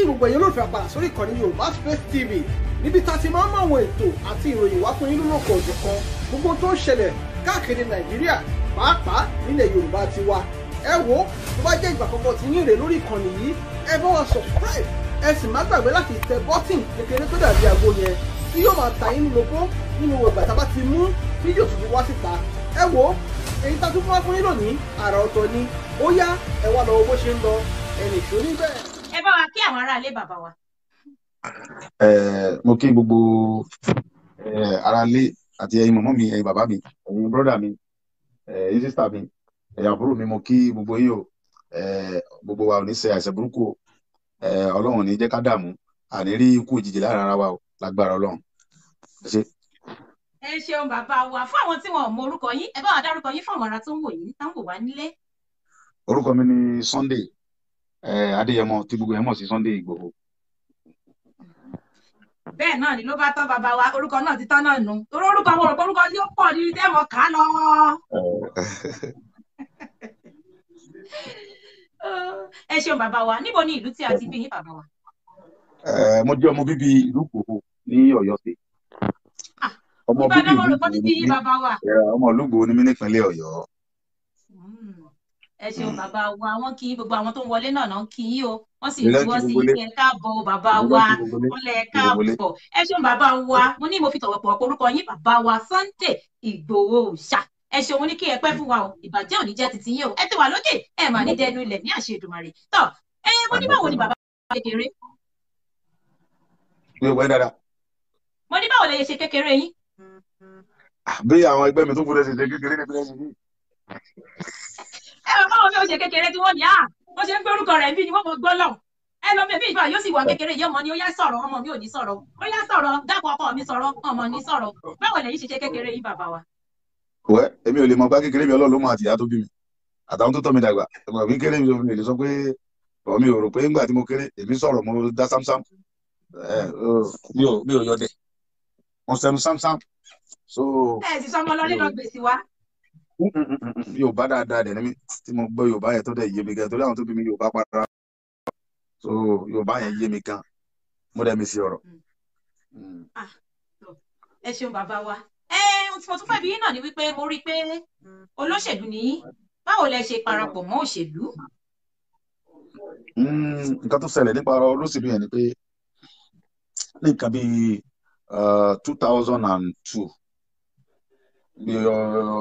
kí gbogbo ẹ̀yin olóòfẹ́ àgbà sórí ìkànnì Yorùbá Space TV níbi tá a ti máa ń mọ àwọn ètò àti ìròyìn wá fún yín lórúkọ ọ̀dọ̀ kan gbogbo tó ń ṣẹlẹ̀ káàkiri Nàìjíríà pàápàá nílẹ̀ Yorùbá ti wa ẹ wo tó bá jẹ́ ìgbà àkọ́kọ́ tí yín rè lórí ìkànnì yìí ẹ bá wa subscribe ẹ sì má gbàgbé láti tẹ bọ́tìn kékeré tó dàbí àgbo yẹn tí yóò máa ta yín lóko nínú ìgbà tá a bá ti mú fídíò tuntun wá síta ẹ wo èyí tá a tún fún wá fún yín lónìí àrà ọ̀tọ̀ ni ó yá ẹ wá lọ bó ṣe ń lọ ẹnì tó bẹ́ẹ̀ ẹ bá wa kí àwọn aráalé bàbá wa. mo kí gbogbo aráalé àti ẹ̀yin mọ̀mọ́ mi ẹ̀yin bàbá mi ẹ̀yin bọ́dà mi ẹ̀yin sísítà mi ẹ̀yin àbúrò mi mo kí gbogbo yín o gbogbo wa ò ní ṣe àìsàn burúkú o ọlọ́run ní jẹ́ ká dààmú àní rí ikú òjijì lára ara wa o lágbára ọlọ́run. ẹ ṣeun bàbá wa fún àwọn tí wọn ò mọ orúkọ yín ẹ bá wa dárúkọ yín fún àwọn ará tó ń wò yín táwọn wò nílé. orúkọ mi ni Sunday adéyẹmọ tí gbogbo ẹ mọ̀ sí Sunday Igboho. bẹ́ẹ̀ náà ni ló bá tán bàbá wa orúkọ náà ti tán náà nù torí orúkọ wọn orúkọ orúkọ ni ó pọ̀ ní dẹ́mọ̀ ká lọ. ẹ ṣeun bàbá wa níbo ni ìlú tí a ti bí yín bàbá wa. mo jẹ́ ọmọ bíbí ìlú Ìgbòho ní Ọ̀yọ́ sí. Ah, ọmọ bíbí ìlú Ìgbòho ní ọmọ ìlú Ìgbòho ní mí nípínlẹ̀ Ọ̀yọ́. ẹ ṣeun hmm. bàbá wa wọn kì í gbogbo àwọn tó ń wọlé náà náà kì í o wọn sì wọ́n sí ike káàbọ̀ bàbá wa wọn lẹ káàbọ̀ ẹ ṣeun bàbá wa mo ní mo fi tọ̀wọ̀pọ̀ orúkọ yín bàbá wa Sunday Ìgbòho ṣá ẹ ṣeun ní kí ẹ pẹ́ fún wa o ìbàjẹ́ ò ní jẹ́ titi yín o ẹ ti wà lókè ẹ mà ní dẹnu ilẹ̀ ní àṣẹ Èdùmàrè tọ́ ẹ mo ní báwo ni bàbá wa kékeré. mi ò wẹ́ dáadáa. mo ní báwo lè ṣe kékeré yín. Ah, bí àwọn ẹgbẹ́ mi tó fún ẹ ṣe ṣe kékeré ní ẹ bá wọn bí ó kékeré tí wọ́n ní à ah, wọ́n ṣe ń gbé rẹ̀ bí ni wọ́n mọ̀ gbọ́ lọ́hùn ẹ lọ mi ìfà yóò sì wà kékeré yìí ọmọ ni ó yá sọ̀rọ̀ ọmọ mi ò ní sọ̀rọ̀ ó yá sọ̀rọ̀ dákun ọkọ mi sọ̀rọ̀ ọmọ ní sọ̀rọ̀ báwo lẹ̀yin ṣe kékeré yìí bàbá wa. wẹ́ èmi ò lè mọ gbá kékeré mi ọlọ́run ló mọ tó bí mi àtàwọn tó tọ́ mi dàgbà ẹ̀gbọ́n ẹ ti sọ ọmọ lọ gbèsè wa yorùbá dáadáa dẹ̀ níbi tí mo gbọ́ yorùbá yẹn tó dẹ̀ yé mi gan torí àwọn tó bí mi yorùbá para so yorùbá yẹn yé mi gan mo dẹ̀ mi sí ọ̀rọ̀. Mm. Mm. Ah, ẹ ṣeun bàbá wa eh, ohun tí mo tún fẹ́ bí yín náà ni wípé mo rí i pé olóṣèlú ni báwo lẹ ṣe parapọ̀ mọ́ òṣèlú. Mm, nǹkan tó ṣẹlẹ̀ nípa olóṣèlú yẹn ni pé ní nǹkan bíi uh, two thousand and two bí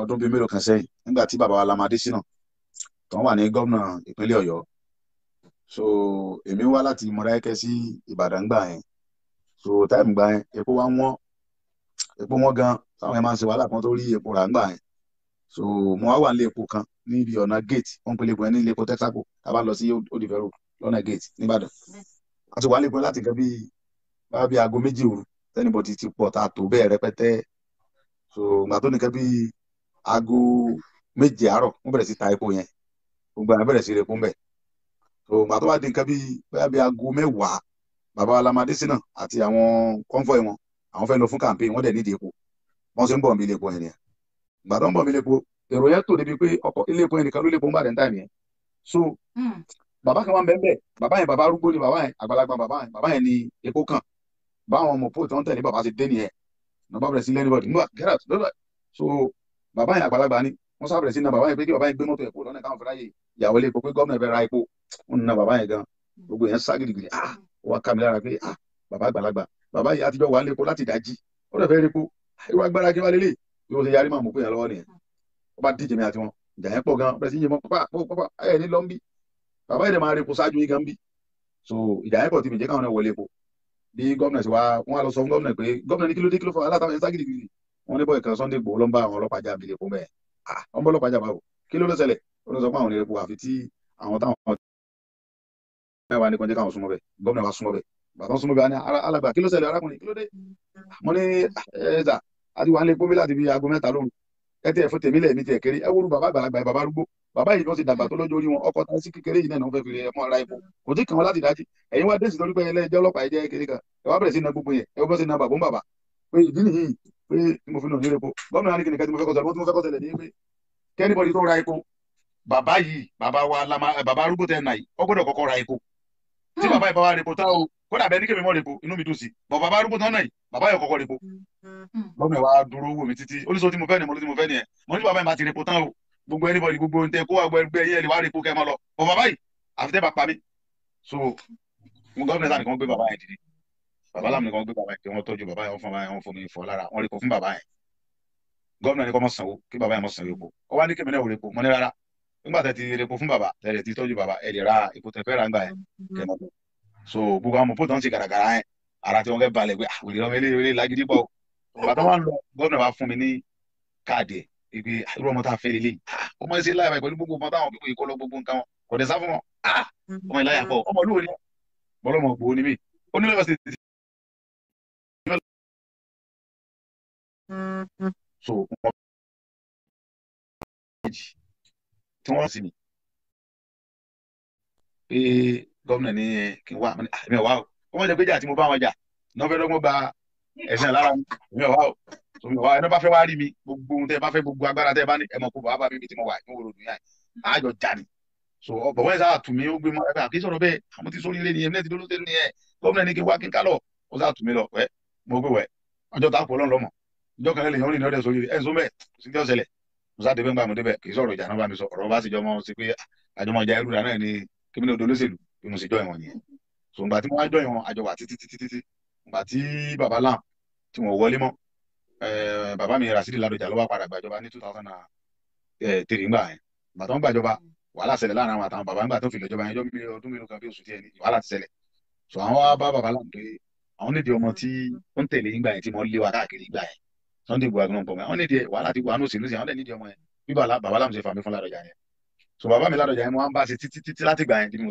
ọdún bíi mélòó kan sẹ́yìn nígbà tí bàbá wa Lamadi Adésínà tó wà ní gómìnà ìpínlẹ̀ Ọ̀yọ́ so èmi wá láti Mọdákẹ́kẹ́ sí Ìbàdàn gbà yẹn so táìmù gbà yẹn epo wá wọ́n epo wọ́n gan táwọn yẹn máa ń ṣe wàhálà kan tó rí epo rà ń gbà yẹn so mo wá wà nílé epo kan níbi ọ̀nà gate wọ́n pèlè epo yẹn nílé epo texaco tá a bá lọ sí odìfẹ́ road lọ́nà gate nìbàdàn a ti wà nílé epo láti nǹkan bíi bá bíi aago méjì òru tẹ́nibọ̀tì ti pọ̀ tá tó bẹ́ẹ̀ rẹpẹtẹ so ìgbà tó nìkan bíi aago méje àárọ̀ wọ́n bẹ̀rẹ̀ sí ta epo yẹn gbogbo àwọn bẹ̀rẹ̀ sí rẹ̀ kún so ìgbà tó wá di nǹkan bíi bóyá bíi aago mẹ́wàá bàbá alamade sínà àti àwọn kọ́ńfọ̀ì wọn àwọn fẹ́ lọ fún campaign wọ́n dẹ̀ nídìí epo wọ́n sì ń bọ̀ mí ilé epo yẹn nìyẹn ìgbà tó ń bọ̀ mí ilé epo èrò yẹn tò débi pé ọkọ̀ ilé epo yẹn nìkan ló lè epo ń bàdẹ̀ ń yẹn so hmm. bàbá kan wà ń bẹ́ẹ̀ bàbá yẹn bàbá arúgbó ni bàbá yẹn àgbàlagbà bàbá yẹn bàbá yẹn ni epo kan báwọn ọmọ port wọn tẹ̀lé bàbá ti dé nìyẹn náà bá bẹ̀rẹ̀ sí lẹ́nu bọ̀dì níwà get out lọ́dọ̀ so bàbá yẹn àgbàlagbà ni wọ́n sá bẹ̀rẹ̀ sí na bàbá yẹn pé kí bàbá yẹn gbé mọ́tò ẹ̀kọ́ lọ́nà káwọn fẹ́ra yẹ ìyàwó ilé epo pé gómìnà fẹ́ ra epo wọn na bàbá yẹn gan gbogbo yẹn sá gidigidi ah wà á kàmi lára pé ah bàbá àgbàlagbà bàbá yẹn àtijọ́ wà á lépo láti dájí ó dẹ̀ fẹ́ répo ah, irú agbára kí wà lélẹ̀ yóò ṣe yarí màmú pé yẹn lọ́wọ́ nìyẹn ó bá díje mi àti gan bẹ̀rẹ̀ sí yẹn mọ́ pápá pápá ayẹ̀ ní lọ́nbí bàbá yẹn dẹ̀ máa répo ṣáájú yín gan bí so ìjà yẹn pọ̀ ti mi jẹ́ bí gómìnà ṣe wá wọn á lọ sọ fún gómìnà pé gómìnà ní kí ló dé kí ló fọ aláàtàwọn ẹ̀ ságìdì gidi wọn ní bọ́ọ̀ì kan Sunday Igboho ló ń bá àwọn ọlọ́pàá jà àbílẹ̀ fún bẹ́ẹ̀ àwọn ọlọ́pàá jà báwo kí ló ló ṣẹlẹ̀ ó ló sọ pé àwọn ìrẹ́pọ̀ àfi tí àwọn táwọn mẹ́wàá ní kan káwọn súnmọ́ bẹ́ẹ̀ gómìnà wa súnmọ́ bẹ́ẹ̀ bàtà súnmọ́ bẹ́ẹ̀ alàgbà kí ló ṣẹlẹ̀ arákùnrin kí ló dé mo ní ẹ̀ẹ́dà àti wà ń lè pómi láti bí aago mẹ́ta lóhùn ẹ tiẹ̀ fún tèmi lẹ́ẹ̀mí tiẹ̀ kéré ẹ wúru bàbá yìí ló ti dàgbà tó lójú orí wọn ọkọ̀ tán sí kékeré yìí náà wọ́n fẹ́ fi ẹ̀mọ́ ara epo kò tí kàn wọ́n láti dájí ẹ̀yin wá déèsì lórí pé ẹlẹ́jẹ́ ọlọ́pàá ẹ̀jẹ̀ kékeré kan ẹ̀ wá bẹ̀rẹ̀ sí na gbogbo yẹn ẹ̀ wọ́n sì na bàbá ń bàbá pé ìdí nìyí pé mo fi nà nílé epo gómìnà ní kìnìkan tí mo fẹ́ kọ́sẹ̀ mo fẹ́ kọ́sẹ̀ lẹ̀ ní pé kẹ́nìbọ̀dì tó ra epo bàbá yìí bàbá wa lama eh, bàbá arúgbó tẹ̀ nà yìí ó gbọ́dọ̀ kọ́kọ́ ra epo tí hmm. bàbá yìí bá wa repo tá gbogbo anybody gbogbo ntẹ kó wà gbogbo ẹgbẹ́ yẹn lè wá rí kó kẹ́ mọ́ lọ bọ̀ bàbá yìí àfi tẹ́ bá so mo gọ́ọ̀nà sáà nìkan gbé bàbá yẹn dìde bàbá láàmú nìkan gbé bàbá yẹn dìde wọ́n tọ́jú bàbá yẹn wọ́n fún bàbá yẹn wọ́n fún mi fọ́ lára wọ́n rí kó fún bàbá yẹn gọ́ọ̀nà ni mọ̀ sanwó kí bàbá yẹn mọ̀ sanwó epo ó wá ní kí mi náà ò ní rárá nígbà tẹ́ ti repo fún bàbá tẹ́lẹ̀ ti tọ́jú bàbá ẹ̀ lè ra epo tẹ́ fẹ́ ra ńgbà yẹn kẹ́ mọ́ so gbogbo àwọn mọ̀pọ̀ tó ń ṣe gàràgàrà yẹn ara tí wọ́n fẹ́ balẹ̀ pé àwòrán ah, ọmọ eléyìí lágídí pọ̀ bàbá tó wà ń lọ gọ́ọ̀nà wa fún mi ní káàdì ìgbé irú ọmọ tá a fẹ́ lélẹ̀ ó máa ń ṣe láyà pẹ̀lú gbogbo ọmọ táwọn pípé ìkọlọ gbogbo nǹkan wọn kò dẹ̀ sá fún wọn ah, ọmọ ìláyà pọ̀ ọmọ olúwo ni bọ́lọ́mọ ògbó ni mí onílọ́wọ́ sì ti. so wọn méjì tí wọ́n sì ní pé gómìnà ní eh, kí n wá àmì ọ̀wá ah, o wọ́n jẹ́ pé jà tí mo bá wọn jà náà fẹ́ lọ́gbọ́n gba ẹ̀sìn àlára mi ọ̀wá o ìwà ẹni bá fẹ́ wá rí mi gbogbo ohun tẹ́ bá fẹ́ gbogbo agbára tẹ́ bá ní ẹmọ kó bàbá mi bí tí mo wà ní wòrò dùn yìí máa jọ jà ní. so ọbọ wọn sáà tù mí ó gbé mọ ẹgbẹ àkíyèsí ọ̀rọ̀ bẹ́ẹ̀ àmọ́ ah, ti sórí ilé nìyẹn mílẹ ti dúró sẹni yẹn gómìnà ní kí wá kí n kálọ ó sáà tù mí lọ wẹ mo gbé wẹ ọjọ́ tá a kọ lọ́nà lọ́mọ ọjọ́ kan lẹ́yìn orin ní ọdẹ sórí ẹ ẹ sọmọ ah, ni kí mi ní odò mo sì so ngbà tí mo wá jọ ìwọn àjọwà títí títí títí ngbà tí babalam tí wọn wọlé mọ Eh, bàbá mi Rasidi Ládọjà ló wá padà gbàjọba ní two thousand and eh, three ńgbà yẹn bàtà ń gbàjọba wàhálà ṣẹlẹ̀ láàrin àwọn àtàwọn bàbá ńgbà tó fi lọ́jọba yẹn jọ́ mi ọdún mélòó kan bí oṣù díẹ̀ ni wàhálà ti ṣẹlẹ̀ so àwọn wá bá bàbá láwọn pé àwọn nídìí ọmọ tí ó ń tẹ̀lé ńgbà yẹn tí mo lé wa káàkiri ńgbà yẹn Sunday Igboho agbọ̀n pọ̀mọ́ àwọn nídìí wàhálà ti wà ní òṣèlú sí àwọn nídìí ọmọ yẹn bí bàbá so bàbá mi Ládọjà yẹn mo wá ń bá ṣe títí títí láti gbà yẹn bí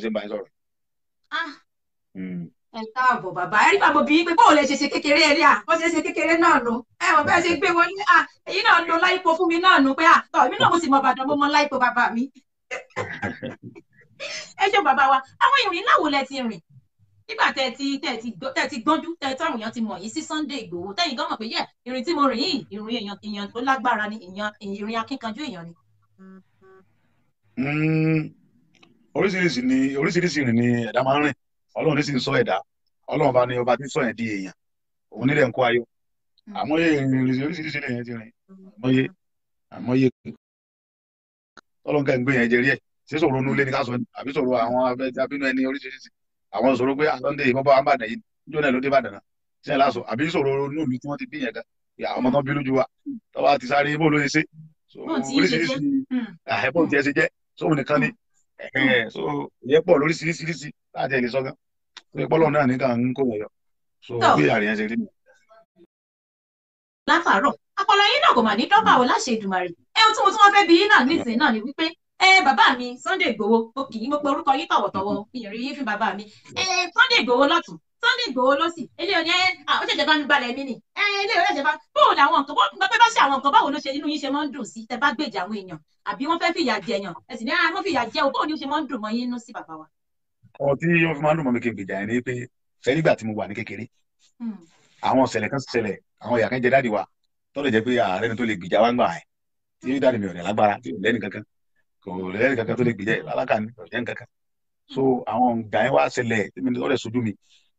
ẹ káàbọ̀ bàbá ẹ rí bàbá obìnrin pé báwo lè ṣe ṣe kékeré ẹ rí à bó ṣe ṣe kékeré náà nu ẹ wọ bẹ́ẹ̀ ṣe gbé wọn ní à èyí náà lo láìpo fún mi náà nu pé à tọ̀ èmi náà mo sì mọ bàdàn mo mọ láìpo bàbá mi. ẹ ṣe bàbá wa àwọn ìrìn láwo lẹ ti rìn nígbà tẹ ti tẹ ti gbọ́njú tẹ táwọn èèyàn ti mọ̀ yìí sí Sunday Ìgbòho tẹ́yìn gan mọ̀ pé yẹ ìrìn tí mo rìn yìí ìrìn èèyàn èèyàn tó lágbára ni èèyàn ìrìn akínkanjú èèyàn ni. Hmm, oríṣiríṣi ni oríṣiríṣi ìrìn ni ẹ̀dá máa ń rìn ọlọ́run ní sì ń sọ ẹ̀dá ọlọ́run bá ní ọba tí ń sọ yẹn di èèyàn òun nílẹ̀ ń kó ayọ̀ mm. àmọ́yé ìrìnrìn oríṣiríṣi lèèyàn ti rìn àmọ́yé àmọ́yé ọlọ́nkà ń gbé yẹn jẹrí ẹ̀ ṣé sọ̀rọ̀ onú ilé ni ká sọ àbí sọ̀rọ̀ àwọn abínú ẹni oríṣiríṣi àwọn sọ̀rọ̀ pé àtọ́ndé ìbọ́bọ́ àbàdàn yìí níjọ́ náà ló dé bàdàn náà ṣe é lásọ àbí sọ̀rọ̀ onú ìlú tí wọ́n ti bí yẹn gan àwọn ọmọ tán bí ìpọ́lọ̀ náà ní ká ń kó yẹyọ so bí àríyàn ṣe rí mi. látàárọ̀ ọpọlọ yín náà kò mà ní dọ́bà o láṣẹ Èdùmàrè ẹ ohun tí mo tún wọn fẹ́ bí yín náà nísìnyí náà Sunday Igboho ó kì í mo pe orúkọ yín tọ̀wọ̀tọ̀wọ̀ ìyẹ̀rí yín fún bàbá mi ẹ Sunday Igboho lọ́tún Sunday Igboho lọ́sì ilé oní ẹ ó ṣẹ̀ṣẹ̀ bá mi balẹ̀ mi nì ẹ ilé ìwé ṣẹ̀ṣẹ̀ bá bóun ni àwọn nǹkan bó bá ṣe àwọn nǹkan báwo ló ṣe nínú yín ṣe máa ń dùn sí tẹ bá gbèjà àwọn èèyàn àbí wọ́n fẹ́ fìyà jẹ èèyàn ẹ sì ní ẹ ah, wọ́n fìyà o bóun ni ó ṣe máa ń dùn mọ́ yín ọ̀rọ̀ tí wọ́n fi máa ń dùn mọ́ mi kí n gbèjà yẹn ni pé ṣe nígbà tí mo wà ní kékeré hmm. àwọn ṣẹlẹ̀ kan ṣẹlẹ̀ àwọn ìyá kan jẹ dáàdì wa tó lè jẹ́ pé ààrẹ ni tó lè gbèjà wá ń gbà ẹ̀ tí dáàdì mi ò ní lágbára tí ò lẹ́nu kankan kò lẹ́nu kankan tó lè gbèjà ẹ̀ lálákà ni kò lẹ́nu kankan so àwọn ìgbà yẹn wá ṣẹlẹ̀ tèmi ló rẹ̀ sojú mi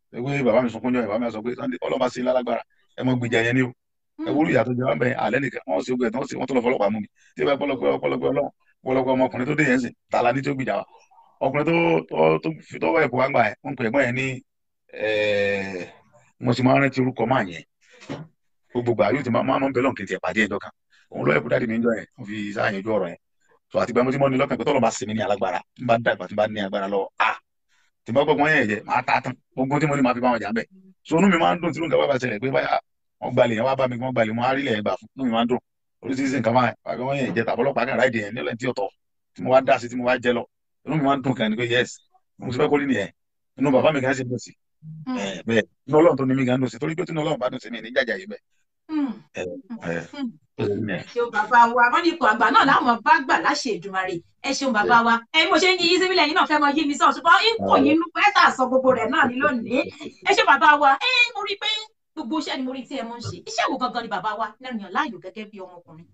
pé bàbá mi sunkún jọ bàbá mi sọ pé ọlọ́ba sí lálágbára ẹ mọ gbèjà yẹn ni o hmm. ẹ wúlò ìyàtọ̀ jẹ wọn bẹ alẹ́ nìkan wọn sì gbẹ tí wọn tó lọ fọlọ́pàá mú mi tí wọn pọlọpẹ ọmọkùnrin tó dé yẹn sìn tààlà ní tó gbèjà wa ọkùnrin tó tó tó wà ẹ̀kọ́ àgbà ẹ̀ wọ́n pè ẹ̀gbọ́n yẹn ní mo sì máa ń rántí orúkọ máa yẹn gbogbo gbà yóò ti máa ń bẹ lọ́nkẹ́ tiẹ̀ pàdé ẹjọ́ kan òun lọ́ọ́ ẹ̀kú dáàdì mi ń jọ yẹn wọ́n fi sáàyè ojú ọ̀rọ̀ yẹn tó àti gbàmọ́ tí mo ní lọ́kàn pé tọ́lọ́ bá sinmi ní alágbára ń bá dàgbà tí bá ní agbára lọ a tí bá gbọ́gbọ́n yẹn yẹ máa ta tán ogun tí mo ní máa fi bá wọn jà ń bẹ̀ so inú mi máa ń dùn tí nǹkan bá ṣẹlẹ̀ pé báyà wọ́n gbalẹ̀ yẹn wá bá mi wọ́n inú mi máa ń dùn kan ni pé yes mo ti fẹ́ kó rí nìyẹn inú bàbá mi kan ṣe dùn sí hmm. eh, bẹ́ẹ̀ inú ọlọ́run tó ní mi kan dùn sí torí pé tí inú ọlọ́run bá dùn sí mi ní jàjà yìí bẹ́ẹ̀. Hmm. Eh, eh, hmm. ṣeun bàbá wa wọn ní ipò àgbà náà láwọn bá gbà láṣẹ Èdùmàrè ẹ ṣeun bàbá wa ẹ mo ṣe ń yí síbílẹ̀ yín náà fẹ́ mọ yí mi sọ̀rọ̀ ṣùgbọ́n ń kò yín pẹ́ tà sọ gbogbo rẹ̀ náà ní lónìí ẹ ṣeun bàbá wa ẹ mo rí pé gbogbo iṣẹ́ ni mo rí tí ẹ mọ̀ ń ṣe iṣẹ́ wo gangan ni bàbá wa lẹ́nu yàn láàyò gẹ́gẹ́ bí ọmọkùnrin.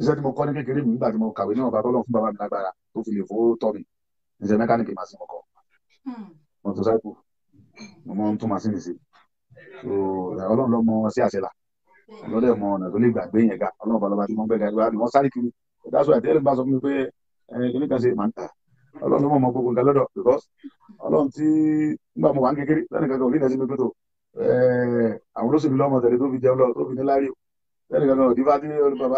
iṣẹ́ tí mo kọ́ ní kékeré mi nígbà tí mo kàwé náà bàbá ọlọ́run fún bàbá mi lágbára tó fi lè fowó tọ́ mi ǹjẹ́ mẹkáníìkì máa ṣe ọkọ̀ mọ́tòsáìkù mo máa ń tún màsíìnì sí ọlọ́run ló mọ sí àṣẹ là lọ́dẹ̀ mọ ọ̀nà tó lè gbàgbé yẹn ga ọlọ́run balọ̀bá tí wọ́n gbẹ̀gà ìgbà ni wọ́n sáré kiri ìdásọ àtẹ́rẹ́ bá sọ fún mi pé kíní kan ṣe máa ń ta ọlọ́run ló mọ̀ ọmọ gbogbo nǹkan lọ́dọ̀ because ọlọ́run tí nígbà mo wà ń kékeré lẹ́nu kankan òní ìdásí mi pé tó àwọn olóṣèlú lọ́mọ tẹ̀lé tó fi jẹun lọ tó fi ní láàrí o lẹ́nu kankan òdìbá tí olùbàbá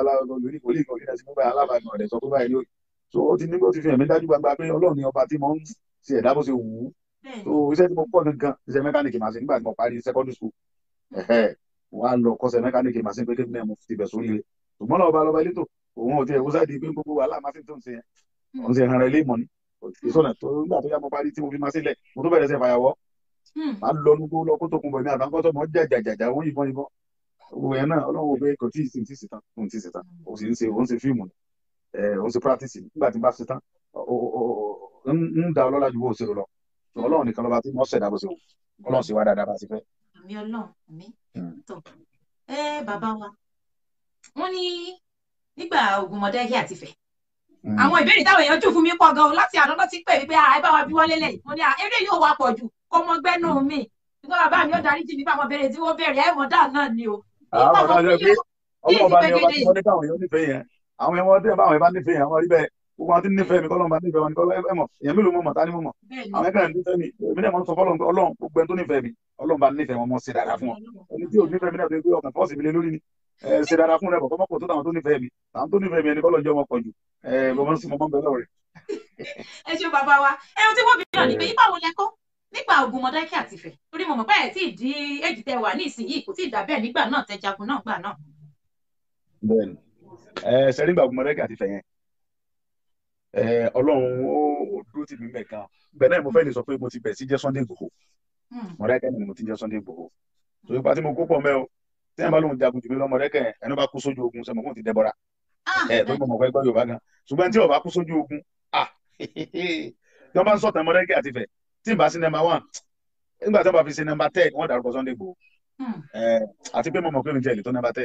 aláwọ̀ so ó ti ní bó ti fi ẹ̀mí dájú gbangba pé ọlọ́run ni ọba tí mo ń ṣe ẹ̀dá bó ṣe wù ú so iṣẹ́ tí mo kọ́ gangan iṣẹ́ mẹkáníìkì màsí nígbà tí mo parí secondary school wà á lọ kọ́ṣẹ́ mẹkáníìkì màsí pé kébìnrin ẹ̀ mo ti bẹ̀ sórí rẹ̀ ṣùgbọ́n náà ọba lọ́ba elétò òun ò ti ẹ̀wọ́ sáà di pé gbogbo wàhálà màsí tó ń ṣe yẹn òun ṣe ìrànlẹ́ ilé ìmọ̀ ni ìṣọ̀nà tó nígbà tó yá mo parí tí mo fi màsí lẹ̀ mo tó bẹ̀rẹ̀ ṣe fàyàwọ́ má hmm. lọ nugbó lọ kó tó kun bọ̀ mí àtàkọ́ tó mọ̀ jàjàjàjà wọ́n yìnbọn yìnbọn òun yẹn náà ọlọ́run ò bẹ́ẹ̀ kò tí ì sí ti sì tán òun ti sì tán òun sì ń ṣe òun ṣe fíìmù ni òun eh, ṣe practice nígbà tí n bá ṣe tán ń da ọlọ́lá ju bó ṣe lọ ọlọ́run nìkan lọ́ba tí wọ́n ṣẹ̀dá bó ṣe wù ọlọ́run sì wá dáadáa bá ṣe fẹ́. àmì ọlọ́run àmì hmm. tó ẹ bàbá wa wọn ní nígbà ogun mọdẹkì àti fẹ hmm. àwọn ìbéèrè táwọn èèyàn jù fún mi pọ̀ ganan láti àdọ́dọ́ ti pè mí pé ah, ẹ bá wa bí wọ́n lélẹ̀ mo ní ah, eré yóò wá pọ̀ jù kó mọ gbẹ́nu mi nígbà bàbá mi ó darí jì nípa àwọn béèrè tí wọ́n béèrè ẹ̀ mọ̀dá náà ni o. àwọn ọ̀dọ́ ọjọ́ pé ọmọ ọba ni ọba tí wọ́n ní káwọn yóò nífẹ̀ẹ́ yẹn àwọn ẹ̀wọ̀n tẹ́ bá àwọn ẹ̀bá nífẹ̀ẹ́ àwọn rí bẹ́ẹ̀ gbogbo àwọn tí nífẹ̀ẹ́ mi kọ́lọ́mù bá nífẹ̀ẹ́ wọn kọ́lọ́ ẹ̀mọ̀ èèyàn mélòó mọ̀ mọ̀ tání mọ̀ mọ̀ àwọn ẹ̀ka nífẹ̀ẹ́ mi èmi náà mọ̀ sọ fọ́lọ́n pé ọlọ́run gbogbo ẹni tó nífẹ̀ẹ́ mi ọlọ́run bá nífẹ̀ẹ́ wọn mọ̀ ṣe dáadáa fún wọn ẹni tí ò nífẹ̀ẹ́ mi náà tó ń gbé ọkàn fọ́ọ̀sì mi lé lórí ni ṣe dáadáa fún rẹ bọ̀ kọ́mọ́kọ́ tó táwọn tó nífẹ̀ẹ́ mi táwọn tó nífẹ̀ẹ́ mi ẹni kọ́lọ́ jẹ́ ọmọ pọ̀ jù bọ̀ mọ́ sí mọ́ bẹ́ẹ̀ lọ́rẹ̀. ẹ ṣe bàbá wa ẹ ohun tí wọn bí yàn níbi ipa wo lẹ kó nípa ogun Mọdákẹ́kẹ́ àti Ifẹ̀ torí mo mọ̀ pé ẹ tí ì di èjì tẹ wà ní ìsinyìí kò tí ì dà bẹ́ẹ̀ nígbà náà tẹ jagun sẹ́rí ìgbà ogun mọ̀lẹ́kẹ́ àti fẹ̀yẹn ọlọ́run ó dúró tì mí mẹ́ka bẹ́ẹ̀ náà mo fẹ́ lè sọ pé mo ti bẹ̀ẹ̀ sí jẹ́ Sunday Igboho hmm. mọ̀lẹ́kẹ́ ni mo ti jẹ́ Sunday Igboho torí pa tí mo kó pọ̀ mẹ́ o tí ẹ̀ bá lóun jagun jù mí lọ mọ̀lẹ́kẹ́ ẹni bá kú sójú ogun sẹ́mo kò ti dẹ́bọ̀ra ah. ẹ̀ tó mọ̀ fẹ́ gbọ́ Yorùbá gan ṣùgbọ́n tí ó bá kú sójú ogun ah tí wọ́n bá ń sọ̀tàn mọ̀lẹ́kẹ́ àti fẹ̀ tí n bá sí number one nígbà tí wọ́n bá fi ṣe number ten wọ́n dárúkọ Sunday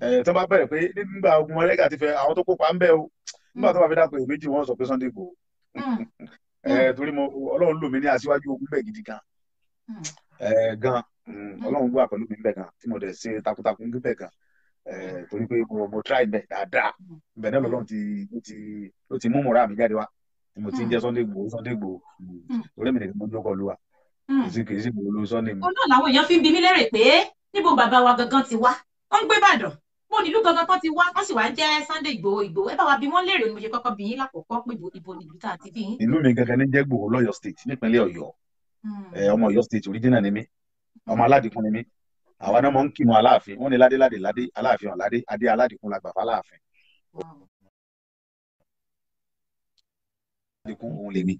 Hmm. tó bá bẹ̀rẹ̀ pé nígbà ogun mọ̀lẹ́gà ti fẹ́ àwọn tó kópa ń bẹ̀ o nígbà tó hmm. bá fi dàpọ̀ èméjì wọn sọ pé Sunday Igboho hmm. torí mo ọlọ́run lò mí ní aṣíwájú ogun bẹ̀ gidi gan gan ọlọ́run wà pẹ̀lú mi bẹ̀ gan tí mo dẹ̀ ṣe takuntakun bẹ̀ gan torí pé mo mo try bẹ̀ dáadáa bẹ̀ náà lọ́lọ́run ti ló ti mú mọ̀ra mi jáde wá tí mo ti ń jẹ́ Sunday Igboho Sunday Igboho orí mi nìkan ló kọ lu wa kì í sì kì í sì gbòòlù Sunday mi. ọlọ́run àwọn èèyàn fi ń bi mí lérè pé níbo bàbá wa gangan ti wá ó ń gbé Ìbàdàn mo nílùú gangan tán ti wá wọ́n sì wá jẹ́ Sunday Ìgbòho Ìgbòho ẹ bá wa bí wọ́n léèrè ni mo ṣe kọ́kọ́ bí yín lákòókọ́ pé ibo ni ìlú tá a ti bí yín. ìlú mi gangan ní jẹ́ lọ́yọ̀ state nípínlẹ̀ Ọ̀yọ́ hmm. ọmọ Ọ̀yọ́ state original ni mí ọmọ aládìkún ni mí àwa náà mọ̀ ń kìmọ̀ aláàfin wọ́n ní ládé ládé ládé aláàfin ọ̀ládé adé aládìkún la gbà fà láàfin. aládìkún òun lèmi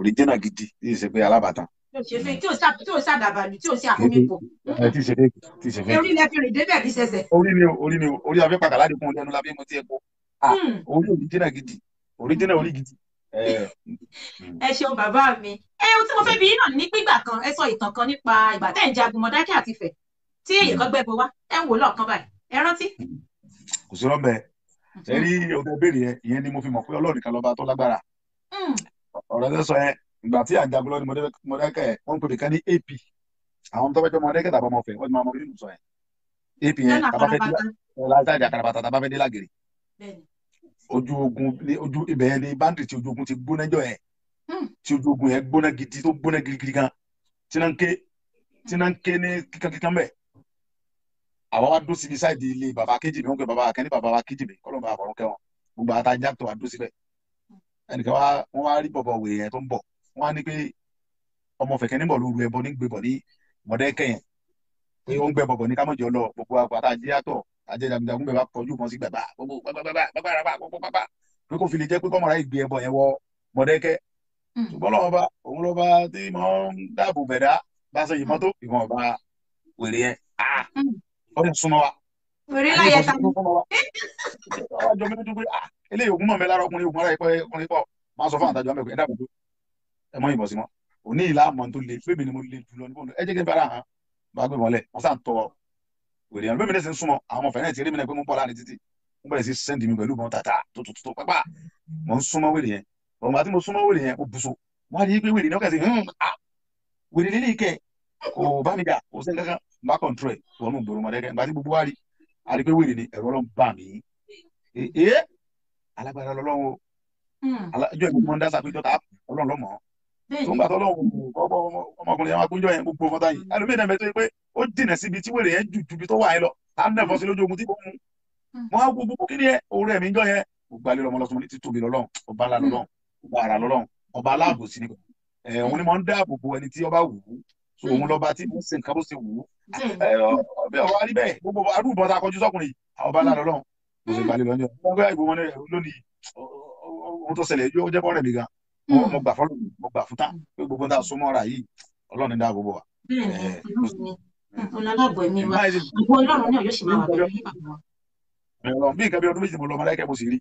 original gidi ní ìsèpè alábàtàn tí o ṣe tí o ṣe àdàbàlù tí o ṣe àfúnmípò. ẹ ti ṣe fake ti ṣe fake. orí ni ẹ fi rìn débẹ̀ bí ṣẹṣẹ. orí ni o orí ni o orí afẹ́ pàkàlà lè kún un lẹ́nu la fi mu ti epo. Hmm. orí òrìjínà gidi òrìjínà orí gidi. ẹ ṣeun bàbá mi. ẹ ohun tí mo fẹ́ bi yín náà ní pígbà kan ẹ sọ ìtàn kan nípa ìgbà tẹ́ ń jagun Mọ̀dákẹ́ àti Ifẹ̀ tí èyí kan hmm. gbẹ́bọ wá ẹ ń wò lọ́ọ̀kan báyìí ẹ rántí. Hmm. kò sí rọ́ọ̀bẹ ẹ rí ọ̀dọ̀ ìbéèrè yẹn ìyẹn ni mo fi mọ̀ pé Ọlọ́run kan lọ́ba tó lágbára ọ̀rọ̀ ẹ sọ yẹn ìgbà tí àjàgbọ́n ni mọ̀dẹ́kẹ́ wọ́n pè nìkan ní ap àwọn tó fẹ́ jọ mọ̀dẹ́kẹ́ tàbá ọmọ fẹ́ wọ́n ti máa mọ bí sọ yẹn ap yẹn tàbá fẹ́ láti àkàràbàtà tàbá fẹ́ dé lágèrè ojú ogun ojú ibẹ̀ yẹn ni bandit ti ojú ogun ti gbóná jọ yẹn hmm. tí ojú ogun yẹn gbóná gidi tó gbóná gidigidi gan tí náà ń ké tí náà ń ké kíkankíkan bẹ́ẹ̀ àwa wa dó síbi sáìdì ilé baba kejì mi wọn pe baba akẹ́ni baba wa kejì mi kọ́lọ́mù àkọ́rọ́ kẹ́wọn gbogbo àtàjà tó wa dó síbẹ̀ ẹnìkan wa wọn wá rí bọ̀bọ̀ wèèyàn tó ń bọ̀ wọ́n á ní pé ọmọ fẹ̀kẹ́ níbọ̀ ló ru ẹbọ ní gbẹbọ ní mọ̀dẹ́kẹ́ yẹn pé ó ń gbẹbọ bọ̀ ní kámọ́jọ lọ gbogbo àpàtà àjẹyàtọ̀ àjẹjàmùjàmù bẹ̀ bá kọjú mọ́ sí gbàgbà gbogbo gbàgbàgbà gbàgbàràbà gbogbo pápá pé kò fi lè jẹ́ pé kọ́mọ̀rá ìgbé ẹbọ yẹn wọ mọ̀dẹ́kẹ́ hmm. ṣùgbọ́n lọ́wọ́ bá òun ló bá tí mò ń dáàbò bẹ̀dá bá sọ yìí mọ́tò ìwọ̀n bá wèrè yẹn hmm. ó ní súnmọ́ wa wèrè láyé ta ni. ọjọ́ mi dúdú pé eléyìí ògùn mọ̀ mi lára ọkùnrin ògùn ara ẹ̀kọ́ ọkùnrin pọ̀ máa sọ fún àtàjọ́ mẹ́kọ̀ọ́ ẹ̀dá ẹ mọ ìbọn sí mọ òní ìlà àmọ́ tó le fún èmi ni mo le jùlọ níbo ẹ jẹ́ kí n fara hàn bá gbé mọ́lẹ̀ wọ́n sàn tọ́ wèrè yẹn bẹ́ẹ̀ mi ní sin súnmọ́ àwọn ọ̀fẹ́ náà ti rí mi náà pé mo bọ̀ láàrin títì mo bẹ̀rẹ̀ sí sẹ́ndì mi pẹ̀lú ìbọn tàtà tó tó tó pápá mo ń súnmọ́ wèrè yẹn ọ̀gbọ̀n àti mo súnmọ́ wèrè yẹn mo bùsọ wọ́n á rí pé wèrè náà hmm, kẹ́sì wèrè lílé ìkẹ́ kò bá mi dà kò sẹ́ kankan bá kọ̀ǹtrọ̀ ẹ̀ wọnú gbòòrò mọ́ ni ẹ̀rọ ọlọ́run bà mí ee alágbára ọlọ́run o ọjọ́ hmm. ìgbìmọ̀ ń dá sàpéjọ́ ta ọlọ́run lọ́mọ́ nígbà tó lọ́wọ́ ọmọkùnrin àwọn agúnjọ yẹn gbogbo fọ́tà yìí hmm. ẹlòmíì náà mẹ́tọ́ pé ó dìnà síbi tí wèrè yẹn jù ju bí tó wà yẹn lọ á nà fọ́ sí lójú ogun tí kò mú hmm. wọn á gbogbo kókí ni yẹn òun rẹ̀ mí jọ yẹn gbogbo alẹ́ lọ́mọ lọ́sọ̀mọ́ ní ti tóbi lọ́lọ́run ọba alá lọ́lọ́run ọba ara lọ́lọ́run ọba aláàbò sí nígbà òun ni mo ń dáàbò bo ẹni tí ọba wù ú so hmm. òun lọ́ba tí mo ń ṣe nǹkan bó ṣe wù ú ọbẹ̀ ọba rí bẹ́ẹ̀ gbogbo arúgbó ta kọjú sọ́kùnrin yìí ọba alá lọ́lọ́run mo sì balẹ̀ lọ́jọ́ Hmm. mo gbà fọlọ mo gbà fún tá pé gbogbo tá a sún mọ́ra yìí ọlọ́run dá gbogbo wa. ọlọ́lábọ̀ mi wa gbogbo ọlọ́run náà yóò sì máa wà lórí àwọn. bí nǹkan bí ọdún méjì mo lọ ọmọdé kẹ́ mo sì rí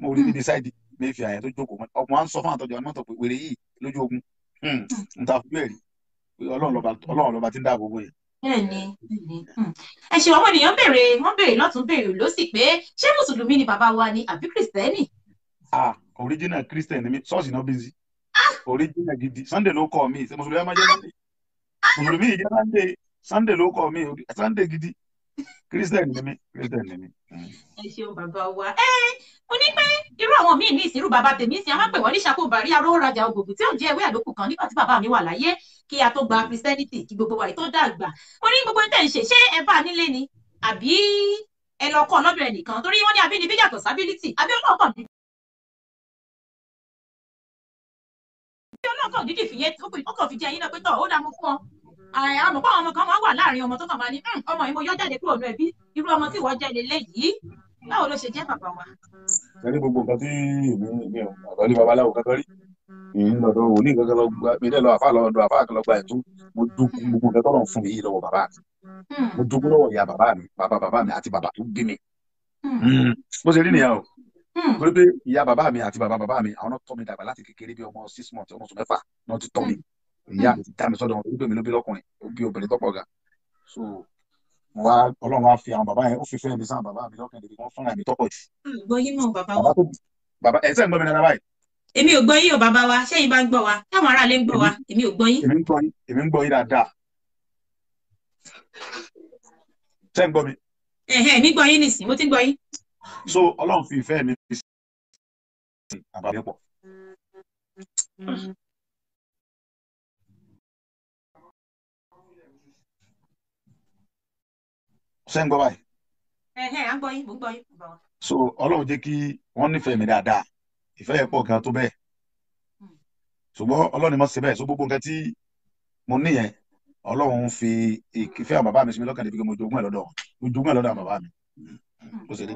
mo rí hmm. níbi sáìdì mi fi àyẹ̀ tó jókòó ọmọ à ń sọ fún àtọ́jú àwọn mọ́tò pé wèrè yìí lójú ogun hmm. n ta fún bẹ́ẹ̀ rí ọlọ́run lọ́ba ti ń dá gbogbo yẹn bẹ́ẹ̀ni bẹ́ẹ̀ni ẹ ṣe àwọn ènìyàn béèrè wọn béèrè lọtún béèrè lọsì pé ṣé mùsùlùmí ni bàbá wa ni àbí kìrìsìtẹ́nì ah original christian ni mi ṣọ́ọ̀ṣì náà bí original gidi sunday ló kọ́ mi mùsùlùmí ọmọ jẹ́ sunday mùsùlùmí ìjẹ́ sunday sunday ló kọ́ mi sunday gidi christian ni mi christian ni mi. ẹ ṣeun bàbá wa ẹ mo ní pé irú àwọn míì ní ìsirú bàbá tèmi sì a máa ń pè wọ́n ní ṣàkóbárí arówó rajà ògògùn tí ò jẹ́ ewé àlòkù kan nígbà tí bàbá mi wà láyé kí a tó gba christianity kí gbogbo wa tó dàgbà mo ní gbogbo tẹ̀ ń ṣe ṣé ẹ bá a nílé ni àbí ẹ lọ kọ́ ọlọ́dọ̀ ẹnìkan torí wọ́n ní abínibí yàtọ̀ sábílítì abíọ́lọ́kàn mi tí ọlọ́run kàn dídì fìyẹn ó kàn fi jẹ ẹyin náà pé tọ́ ó dá mo fún ọ àmọ́ pé àwọn ọmọ kan máa wà láàrin ọmọ tó kàn máa ní hmm, ọmọ yìí mo yọ jáde kúrò nù ẹbí irú ọmọ tí ìwọ jẹ lélẹ̀ yìí báwo ló ṣe jẹ́ bàbá wa. ẹni gbogbo nǹkan tí èmi èmi àtọ́lé babaláwo kankan rí èyí ń lọ́dọ̀ òní kankan lọ gba mi dẹ́ lọ àfa lọ lọ àfa kan lọ gba ẹ̀tún mo dúkú gbogbo nǹkan tọ́lọ̀ ń fún mi yìí lọ́wọ́ bàbá mi hmm. mo dúkú lọ́wọ́ ìyá bàbá mi bàbá bàbá mi àti bàbá tó gbé mi hmm. bó ṣe rí nìyà o Hmm. torí pé ìyá bàbá mi àti bàbá bàbá mi àwọn náà tọ́ mi dàgbà láti kékeré bí ọmọ six months ọmọ oṣù mẹ́fà náà ti tọ́ mi hmm. ìyá àti hmm. tá mi sọ́dọ̀ wọn ló bí mi ló bí lọ́kùnrin ó bí obìnrin tọ́pọ̀ ga so wá ọlọ́run wá fi àwọn bàbá yẹn ó fi fẹ́ mi sáwọn bàbá mi lọ́kàn débi wọ́n fúnra mi tọ́pọ̀ jù. gbọ́yìn náà bàbá wa bàbá ẹ̀ sẹ́yìn gbọ́ mi dára báyìí. èmi ò gbọ́yìn o bàbá wa sẹ́yìn bá ń gbọ́ wa táwọn aráàlú ń wa èmi ò gbọ́yìn. èmi ń gbọ́yìn èmi ń gbọ́yìn dáadáa. sẹ́yìn gbọ́ mi. ẹ̀hẹ̀ mi gbọ́yìn nìsín mo ti so ọlọ́run fi ìfẹ́ mi sí àbábẹ́pọ̀. ṣé ń gbọ́ báyìí. ẹ̀hẹ́ so ọlọ́run jẹ́ kí wọ́n nífẹ̀ẹ́ mi dáadáa ìfẹ́ yẹn pọ̀ gan tó bẹ́ẹ̀ hmm. ṣùgbọ́n ọlọ́run ni mo ṣe bẹ́ẹ̀ so gbogbo nǹkan tí mo níyẹn ọlọ́run fi ìfẹ́ àwọn bàbá mi sí mi lọ́kàn débi pé mo jogún ẹ̀ lọ́dọ̀ mo jogún ẹ̀ lọ́dọ̀ àwọn bàbá mi hmm. ó ṣe rí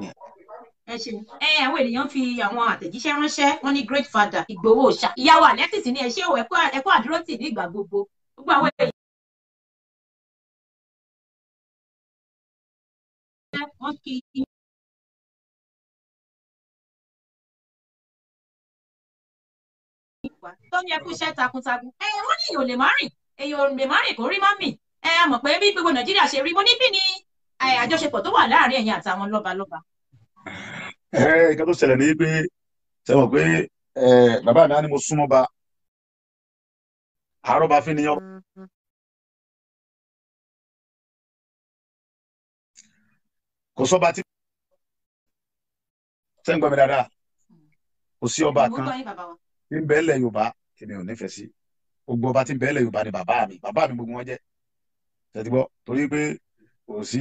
ẹ ṣe ẹ àwọn ènìyàn fi àwọn àtẹ̀jíṣẹ́ ránṣẹ́ wọ́n ní great father ìgbòho ṣá ìyàwó alexis ní ẹṣẹ́ ò ẹ̀kọ́ àdúrótì ní ìgbà gbogbo gbogbo àwọn èèyàn. wọ́n kí i wa tó ní ẹkú iṣẹ́ takuntakun ẹ wọ́n ní èèyàn lè má rìn èèyàn lè má rìn kó rí má mì ẹ mọ̀ pé bí gbogbo nàìjíríà ṣe rí mo ní bí ni àjọṣepọ̀ tó wà láàárín ẹ̀yin àtàwọn lọ́balọ́ba nǹkan tó ṣẹlẹ̀ ní pé sẹ́wọ̀n pé bàbá mi á ní mo súnmọ́ ba àárọ̀ bá fi kò sọ́ba tí sẹ́ńgbọ́n mi dáadáa kò sí ọba kan tí ń Yorùbá èmi ò nífẹ̀ẹ́ sí gbogbo ọba tí ń bẹ́ẹ̀ Yorùbá ni bàbá mi mi gbogbo wọn jẹ́ torí pé kò sí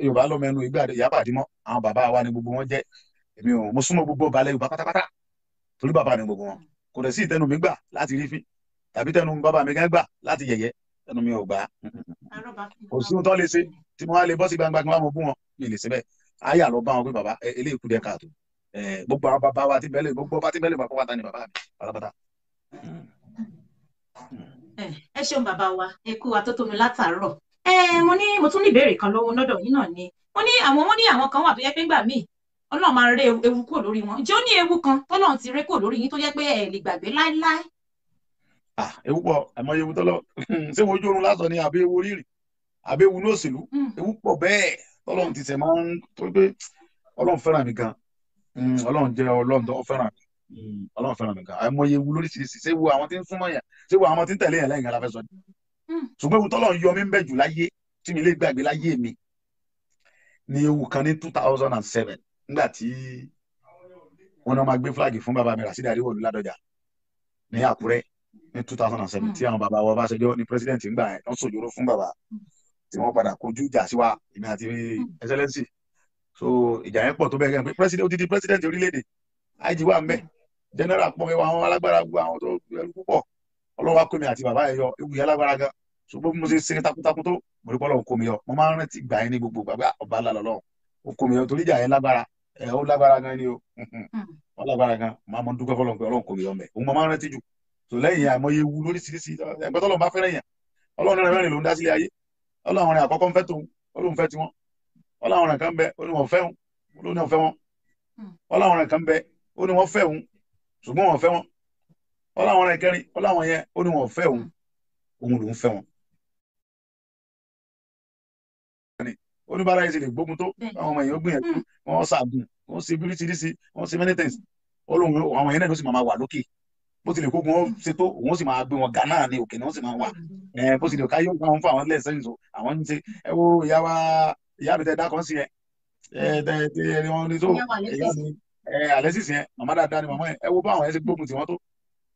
yorùbá lọ mẹnu ìyábàdí mọ àwọn bàbá wa ni gbogbo wọn jẹ èmi ò mo súnmọ́ gbogbo balẹ̀ yorùbá pátápátá torí bàbá ni gbogbo wọn kò dẹ̀ sí ìtẹnu mi gbà láti rí fi tàbí tẹnu bàbá mi gán gbà láti yẹ̀yẹ́ tẹnu mi ò gbà kò sí ohun tó lè ṣe tí mo wá lè bọ́ sí gbangba kí wọ́n mọ bú wọn mi lè ṣe bẹ́ẹ̀ ayé àlọ́ bá wọn pé bàbá e, eléyìí kú díẹ̀ káàtó gbogbo àwọn bàbá wa ti bẹ́lẹ̀ gbogbo bá ti bẹ́lẹ̀ bàbá wa ta ni bàbá mi pátápátá. ẹ ṣeun bàbá wa ẹ kú wa tó tómi látàárọ̀ Eh, mo ní mo tún ní ìbéèrè kan lọ́wọ́ lọ́dọ̀ yín náà ni wọ́n ní àwọn wọ́n ní àwọn kan wà tó yẹ pé ńgbà míì ọlọ́run máa ré ewu kúrò lórí wọn ǹjẹ́ ó ní ewu kan tọ́lọ́run ti ré kúrò lórí yín tó yẹ pé ẹ lè gbàgbé láéláé. ewu pọ̀ àmọ́ ewu tọlọ ṣé wo ojú oorun lásán ni àbí ewu orí rì àbí ewu ní òṣèlú hmm. ewu pọ̀ bẹ́ẹ̀ tọ́lọ́run ti sẹ máa ń tó pé ọlọ́run fẹ́ràn mi gan hmm, ọlọ́run jẹ́ ọlọ́run tó fẹ́ràn mi hmm, ọlọ́run fẹ́ràn mi gan àìmọye ewu lóríṣiríṣi ṣé wo àwọn tí ń súnmọ́ yẹn ṣé wo àwọn tí ń tẹ̀lé yẹn lẹ́yìn gan la fẹ́ sọ Hmm. ṣùgbọ́n ewu tọ́lọ̀ ń yọ mí ń bẹ̀ jù láyé tí mi lè gbàgbé láyé mi ní ewu kan ní two thousand and seven nígbà tí wọn náà máa gbé fúláàgì fún bàbá mi Rasidi Àríwọ̀lú Ládọjà ní Àkúrẹ́ ní two thousand and seven hmm. tí àwọn bàbá wa Ọbásanjọ́ ní president ń gbà ẹ̀ lọ́n sòjóró fún bàbá tí wọ́n padà kojú ìjà sí wa èmi àti hmm. excellency so ìjà yẹn pọ̀ tó bẹ́ẹ̀ gẹ́gẹ́ pé president odidi president orílẹ̀-èdè IG wà ń bẹ̀ general pọ̀ mẹ́wàá àwọn alágbára gbogbo àwọn tó púpọ̀ ọlọ́wà kó mi àti bàbá ẹ̀ yọ ewu yẹn lágbára gan ṣùgbọ́n bí mo ṣe ṣeré takuntakun tó mo rí pọ́lọ́n kó mi yọ mo máa ń rántí gbà yín ní gbogbo gbàgbà ah, ọba lálọ́ lọ́wọ́ o kó mi yọ torí ìjà yẹn lágbára ẹ̀ ó lágbára gan ni o hmm. ó lágbára gan máa mọ dúpẹ́ fọlọ́n pé ọlọ́run kó mi yọ mẹ́ òun máa ń rántí jù tó lẹ́yìn yẹn àmọ́ ewu lóríṣiríṣi ẹgbẹ́ tọ́lọ́run bá fẹ́rẹ̀ yẹn ọlọ́run rẹ̀ mẹ́rin ló ń ọláwọn rẹ kẹrin ọláwọn yẹn ó ní wọn ò fẹ́ òun òun lòún fẹ́ wọn. oníbàárà yìí sì lè gbógun tó àwọn ọmọ èèyàn gbìyànjú hmm. wọn ṣàgùn wọn ṣe bíríṣiríṣi wọn ṣe many things olóhùn àwọn yẹn náà ló sì máa wà lókè bó tilẹ̀ kógun wọn ṣe tó òun sì máa gbé wọn gánà ní òkè náà ó sì máa wà bó tilẹ̀ ká yóò wọn fún àwọn ilé ẹ̀sẹ̀ nìṣó àwọn ń ṣe ẹ wo ìyá wa ìyá mi tẹ dákan sí ẹ ẹ tẹ ẹ wọn ní tó ìyá mi ẹ alẹ́ sísìn ẹ màmá dáadáa ni màmá ẹ wo bá àwọn ẹ ṣe gbógun tiwọn tó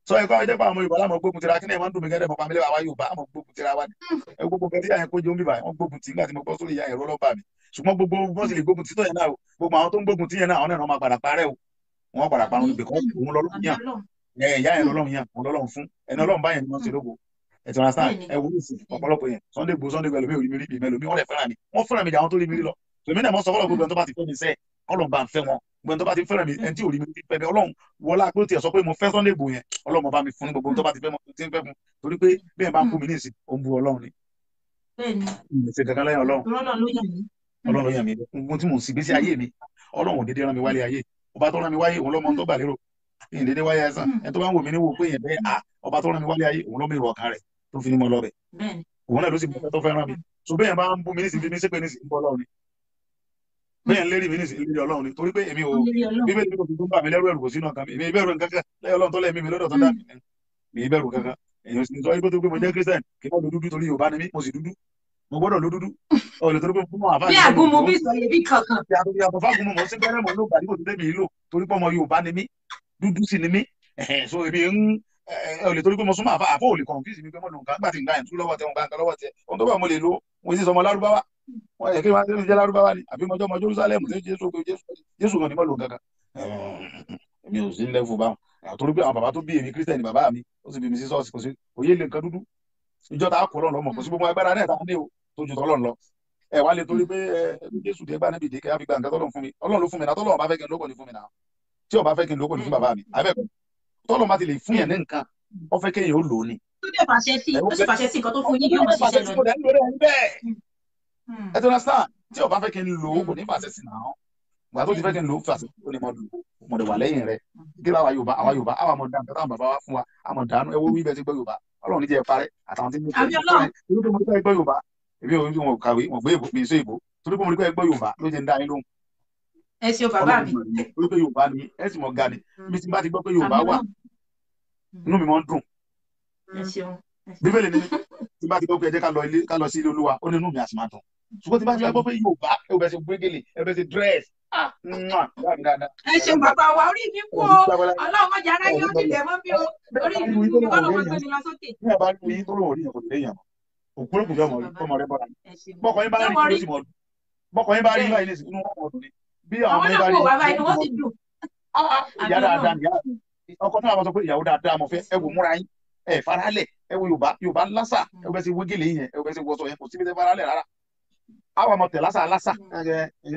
sọ ẹgbẹ́ àwọn ìjẹ́pọ̀ àwọn Yorùbá láwọn gbógun tira kí ni wọ́n ń dùn mí gẹ́gẹ́ bọ̀pá mi lẹ́wọ̀ àwa Yorùbá àwọn gbógun tira wa ni hmm. ẹ gbogbo nǹkan yà yẹn kó jẹun bíbá wọn gbógun tì nígbà tí mo gbọ́ sórí ìyá ẹ̀rọ lọ́ba mi ṣùgbọ́n gbogbo wọn sì lè gbógun tì tó yẹn náà o gbogbo àwọn tó ń gbógun tì yẹn náà àwọn náà máa padà parẹ́ o wọn padà parun ibì kan òun lọ́lọ́run yàn hmm. ìyá yẹn lọ́lọ́run yàn ẹ wúlò sí ọ̀pọ̀lọpọ̀ yẹn Sunday Igboho Sunday Igboho ẹlòmíì mi rí mi ẹlòmíì wọn lè fẹ́ràn mi wọn fẹ́ràn mi jà wọn tó rí mi rí lọ tòmínà mọ sọ gbogbo ẹni tó bá ti fẹ́ mi sẹ Ọlọ́run ń fẹ́ wọn gbogbo tó bá ti fẹ́ràn mi ẹni tí ò rí mi ti fẹ́ràn ọlọ́run wọlá pé ó tiẹ̀ sọ pé mo fẹ́ Sunday Igboho yẹn ọlọ́run bá mi fún ní gbogbo tó bá ti fẹ́ mọ́ tó ti ń fẹ́ fún torí pé bí ẹ̀ bá kú mi ní ìsìn ó ń bu ọlọ́run ni. ṣe kankan lẹ́yìn ọlọ́run ọlọ́run ló yàn mí gbogbo tí mò ń sì gbé sí ayé mi ọlọ́run ò dédé rán mi wálé ayé ọba tó rán mi wáyé òun lọ́mọ tó gbà lérò ìyìn dédé wáyé ẹ̀sán hmm. ah, mi wálé ayé òun ló mèrò ọ̀kan rẹ̀ tó fi bẹ́ẹ̀ lérí mi nísìnyí lérí ọlọ́run ni torí pé èmi ò bíbélì mi kò fi gbọ́ngbà mi lẹ́rù ẹ̀rù kò sínú ọ̀kan mi èmi ìbẹ̀rù kankan lẹ́yìn ọlọ́run tó lẹ́mí mi lọ́dọ̀ tó dá hmm. mi mi ìbẹ̀rù kankan èyàn sì ń sọ yí pé tó pé mo jẹ́ Christian kí wọ́n lo dúdú torí Yorùbá ni mí mo sì dúdú mo gbọ́dọ̀ lo dúdú ọ̀lẹ̀ torí pé mo àfa. bí àgúnmu bí sọ̀yẹ̀ bí kankan. yàtọ̀ fágúnmu mo sí gbẹ́rẹ́ mọ̀ ló gbà nígbò tó débi ìlò torí pé ọmọ Yorùbá ni mí dúdú sì ni mí so èmi ń ọ̀lẹ̀ torí pé mo súnmọ́ àfa àfọ̀ òlè confuse mi pé mo lò nǹkan gbà tí nǹkan yẹn tú lọ́wọ́ tẹ nǹkan lọ́wọ́ tẹ ohun tó bá mo lè lo mo sì sọmọ lárúbáwá wọn yẹ kí wọn ṣe jẹ lárúbáwá ni àbí mọjọ mọ Jerusalem ṣe Jésù pé Jésù Jésù kan mọ lò kankan mi ò sí lẹ́fù báwọn àtòrí pé àwọn bàbá tó bí èmi Christian ni bàbá mi ó sì bí mi sí ṣọ́ọ̀ṣì kò sí òye lè nǹkan dúdú ìjọ tá kọ lọ́nà ọmọ kò sí gbogbo agbára náà tá ní o tó ju tọ́lọ́n lọ ẹ wá lè torí pé Jésù tẹ gbá níbi ìdíkẹ́ fi gba nǹkan tọ́lọ́n fún mi Ọlọ́run ló fún mi náà tọ́lọ́run ọba fẹ́ ni. ó sì Hmm. ẹ tó understand tí o bá fẹ́ kí n lò ó kò ní fàṣẹ sí náà gbà tó ti fẹ́ kí n lò ó fàṣẹ sí ní o mọ̀dẹ̀ wà lẹ́yìn rẹ̀ kí ló àwa Yorùbá àwa Yorùbá àwa mọ̀ dáná táwọn bàbá wa fún wa àmọ̀ dáná ẹ wo wí bẹ́ẹ̀ ti gbọ́ Yorùbá Ọlọ́run ní jẹ́ parẹ́ àtàwọn tí mo fẹ́ gbọ́ Yorùbá èmi ò ní wọn kàwé wọn gbé èbò mi sí èbò torí pé mo rí pé ẹ gbọ́ Yorùbá ló ti ń dá yín lóhùn. ẹ ṣe bàbá mi. torí bíbélì ni tí bá ti gbọ́ pé ẹ jẹ́ ká lọ ilé ká lọ sí ilé olúwa ó ní inú mi àti máa dùn ṣùgbọ́n tí bá ti gbọ́ pé yóò bá ah, ẹ bẹ̀ ṣe gbégélé ẹ bẹ̀ ṣe dírẹ́sì ẹ ṣe bàbá wa orí mi kú o ọlọ́run ọjà ara yóò nílẹ̀ mọ́ mi o orí mi kú mi kọ́ ló máa gbé mi lọ sókè. ní àbá ní oyin tó lòun o ní ìyàwó lè yàn òkúrò kò fi ọmọ rẹ̀ ọmọ rẹ̀ bọra bọkọ yín bá rí ìlú sí mọdún bọkọ yín bá rí ìlú àìlèsí inú wọn mọdún ni bí àwọn ọmọ yín bá rí ìlú sí dùn. ìyá dáadáa ọkọ náà wọ́n sọ pé ìyàwó dáadáa mo fẹ́ ẹ wò múra yín ẹ faralẹ̀ ẹ wo yorùbá yorùbá lásà mm. ẹ wo bẹ ṣe wégele yẹn ẹ wo bẹ ṣe wọṣọ yẹn kò síbi tẹ fara lẹ rárá àwọn ọmọ tẹ lásà lásà mm. ẹ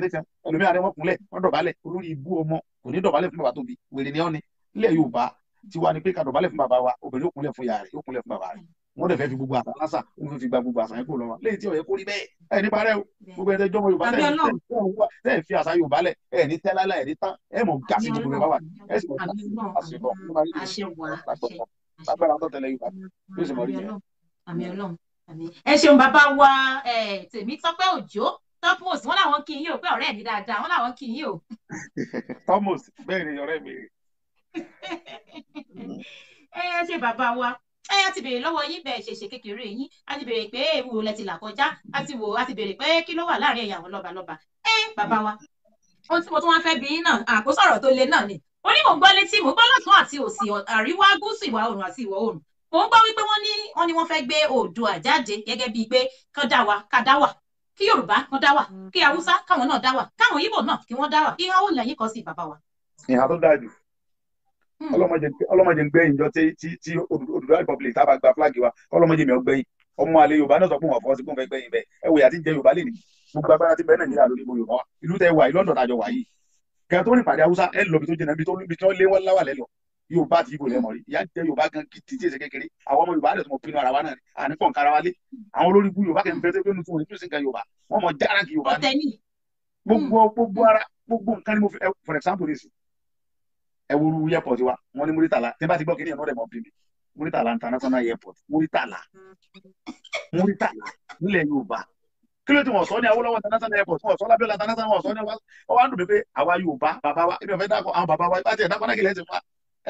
ẹ kan ẹlòmíràn rẹ wọn kúnlẹ̀ wọn dọ̀bálẹ̀ olórí ibú ọmọ kò ní dọ̀bálẹ̀ fún bàbá tóbi wèrè ni ọ ni ilẹ̀ yorùbá ti wá ni pé ká dọ̀bálẹ̀ fún bàbá wa obìnrin ó kúnlẹ̀ fún yàrá rẹ̀ ó kúnlẹ̀ fún bàbá rẹ̀ mm. wọn dẹ̀ fẹ́ fi gbogbo àṣà lásà wọn fẹ́ fi gba gbogbo àṣà yẹn kúrò lọ́wọ́ léyìí tí ọ̀yẹ́ kó rí bẹ́ẹ̀ ẹ̀ nípa rẹ̀ o gbogbo ẹ̀ jọmọ yorùbá tẹ̀ ẹ̀ fi àṣà yorùbá lẹ̀ ẹ̀ ní tẹ́lá láì ní tán ẹ̀ mọ̀ gàsí gbogbo yorùbá wà ẹ̀ sì mọ̀ gàsí gbogbo yorùbá wà lágbára tó tẹ̀lé yorùbá yóò sì mọ orí yẹn. àmì ọlọ́run ẹ ṣeun bàbá wa tèmi tọ́pẹ́ òjò tọpọs wọn làwọn kì í yín o pé ọ̀rẹ́ mi dáadáa wọn làwọn kì í yín o. thomas bẹ́ẹ̀ ni ọ̀rẹ́ mi. ẹ ṣe bàbá wa ẹ a ti béèrè lọ́wọ́ yín bẹ́ẹ̀ ṣe ṣe kékeré yín a ti béèrè pé ewu lẹ ti là kọjá a ti wò a ti béèrè pé kí ló wà láàrin ẹ̀yà lọ́balọ́ba ẹ bàbá wa ohun tí mo tún wá fẹ́ bi náà àkóso ọ̀rọ̀ tó le náà ni ó ní mò ń gbọ́ létí mò ń gbọ́ lọ́tún àti òsì àríwá gúúsù ìwà oòrùn àti ìwọ̀ oòrùn mò ń gbọ́ wípé wọ́n ní wọ́n ní wọ́n fẹ́ gbé oòdùà jáde gẹ́gẹ́ bíi pé kán dá wa ká dá wà kí yorùbá kan dá wà kí haúsá káwọn náà dá wà káwọn yíbò náà kí wọ́n dá wà ìhà ó lẹ́yìn kan sí bàbá wa. ìhà tó dáa hmm. ọlọ́mọdé ń gbẹ̀yìn jọ tí Oòduà republic tá a bá gba fúláàgì wa ọlọ́mọdé mi ò gbẹ̀yìn ọmọ àlè yorùbá náà sọ pé wọn fọwọ́ sí pé wọn fẹ́ gbẹ̀yìn bẹ́ẹ̀ ẹ wòye àti jẹ yorùbá lè ní gbogbo agbára ti bẹ́ẹ̀ nàìjíríà lórí ìlú tẹ wà yìí lọ́dọ̀ tàjọ wà yìí gan tó rìn pàdé haúsá ẹ lọ bí tó jẹ náà bí tó bí tó lé wọn láwà lẹ lọ yorùbá àti ibo lẹ mọ rí ìyá jẹ yorùbá gan gidi tí èsè kékeré àwọn ọmọ yorùbá àdẹ̀tùmọ̀ pinnu ara wa náà ni àní fọ̀n kára wa lé àwọn olórí ibú yorùbá kẹ́mi fẹ́ẹ́ tó nu fún ìdúró sí nǹkan yorùbá wọn mọ jára kí yorùbá ni gbogbo hmm. gbogbo ara gbogbo nǹkan ni mo fi for example nisi ẹ wúru airport wa wọn ní múrítàlá tí n bá ti gbọ́ kí ni ẹ̀ náà rẹ̀ mọ̀ bí mi international airport múrítàlá hmm. múrítàlá nílẹ̀ yorùbá kí ló ti wọ́n sọ ní Awólọ́wọ̀ international airport wọ́n sọ lábẹ́ọ́lá international wọ́n sọ ní ọwọ́ àdùnmí pé àwa Yorùbá bàbá wa ibi ọ̀fẹ́ dákọ̀ àwọn bàbá wa ibà tí ẹ̀ dákọ̀ náà kìlẹ̀ ẹ̀ ti fa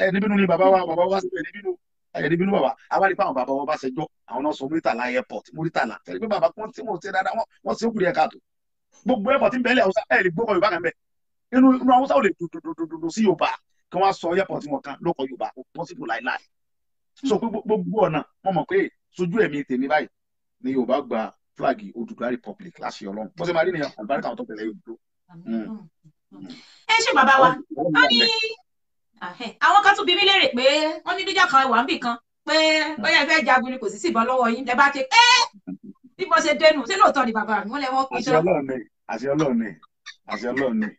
ẹ̀ níbínú ni bàbá wa bàbá wa síbẹ̀ níbínú ẹ̀ níbínú bàbá àwa rí àwọn bàbá wa bá ṣẹjọ́ àwọn náà sọ Muritala airport Muritala tẹ̀lé pé bàbá kan tí wọ́n ti dáadáa wọ́n sì kúrì ẹ̀ káàtó gbogbo airport ń bẹ́ẹ̀lẹ̀ Hausa ẹ̀ lè gbókọ̀ Yorùbá kan bẹ̀ inú inú Hausa ò lè dòdòdòdò sí Yorùbá kí wọ́n sọ airport wọn kan lóko ni Yorùbá gba flag Odùduwà republic láṣẹ Ọlọ́run bó ṣe máa rí nìyẹn àlùbáríkà àwọn tó tẹ̀lé yòókù. Hmm. Hmm. ẹ ṣe bàbá wa wọn ní àwọn kan tún bí mi léèrè pé wọn ní níjà kan wà ń bì kan pé bóyá ìfẹ́ jagun ni kò sí síbọn lọ́wọ́ yín lẹ bá ké ẹ bí mo ṣe dénú ṣé lóòótọ́ ni bàbá mi wọ́n lẹ wọ́n pín iṣẹ́. àṣẹ Ọlọ́run ni àṣẹ Ọlọ́run ni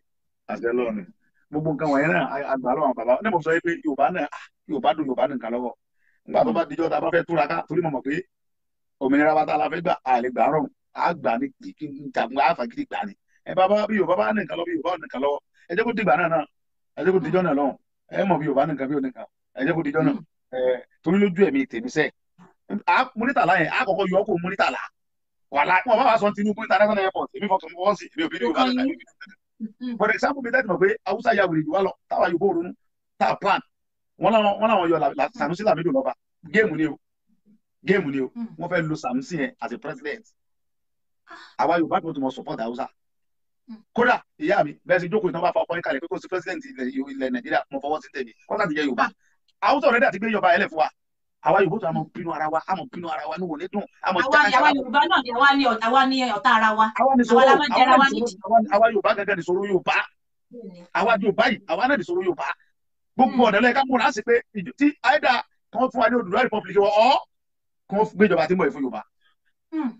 àṣẹ Ọlọ́run ni gbogbo nǹkan wọ̀nyẹn náà àgbà lọ́wọ́ bàbá ní mo sọ pé Yorùbá náà ah, Yorùbá dùn Yorùbá nìkan lọ́wọ́ nígbà tó bá dijọ́ ta bá fẹ́ túraká torí mo mọ̀ pé òmìnira wa tá a la fẹ́ gbà àlè gbà rọrùn á gbà ní ìjàgbọ́n á fagídí gbà ní. ẹ bá bí Yorùbá bá nìkan lọ bí Yorùbá nìkan lọ ẹ jẹ́ kó dìgbà náà náà ẹ jẹ́ kó dijọ́ náà lọ́hùn ẹ mọ̀ bí Yorùbá nìkan bí onìkan ẹ jẹ́ kó dijọ́ náà ẹ torí lójú ẹ̀mí tèmi sẹ́ múnítàlá yẹn á kọ́kọ́ yọ kó múnítàlá wà for example bí tẹ́tí mọ̀ pé Haúsá ya wèrè ìdúwà lọ táwa Yorùbá ronú tá a plan wọn làwọn yọ Sanusi Lamido lọ́ba géèmù ni o géèmù ni o hmm. wọ́n fẹ́ lo Sanusi yẹn as a president ah. àwa Yorùbá tó tó mọ support Hausa hmm. kódà ìyá mi bẹ́ẹ̀ sì jókòó ìtàn bá fa ọkọ yín kalẹ̀ pé kò sí president ilẹ̀ Nàìjíríà mo fọwọ́ sí tèmi kọ́ńtà ti jẹ́ Yorùbá Hausa ọ̀rẹ́dà àti gbé Yorùbá ẹlẹ̀ fún wa àwa Yorùbá tó a mọ pinnu ara wa a mọ pinnu ara wa ní wòlé dùn a mọ jákàjá àwa Yorùbá náà ni àwa ni àwa ni ọ̀tá ara wa àwa ni sọ̀rọ̀ àwa Yorùbá gẹ́gẹ́ ni sọ̀rọ̀ Yorùbá àwa Yorùbá yìí àwa náà ni sọ̀rọ̀ Yorùbá gbogbo hmm. ọ̀dọ́ lẹ́ka múra sí pé tí àìdá kan fún wa ní Odùduwà republic wọ̀ ọ́ kán gbéjọba tí mọ̀ ẹ̀ fún Yorùbá. Hmm.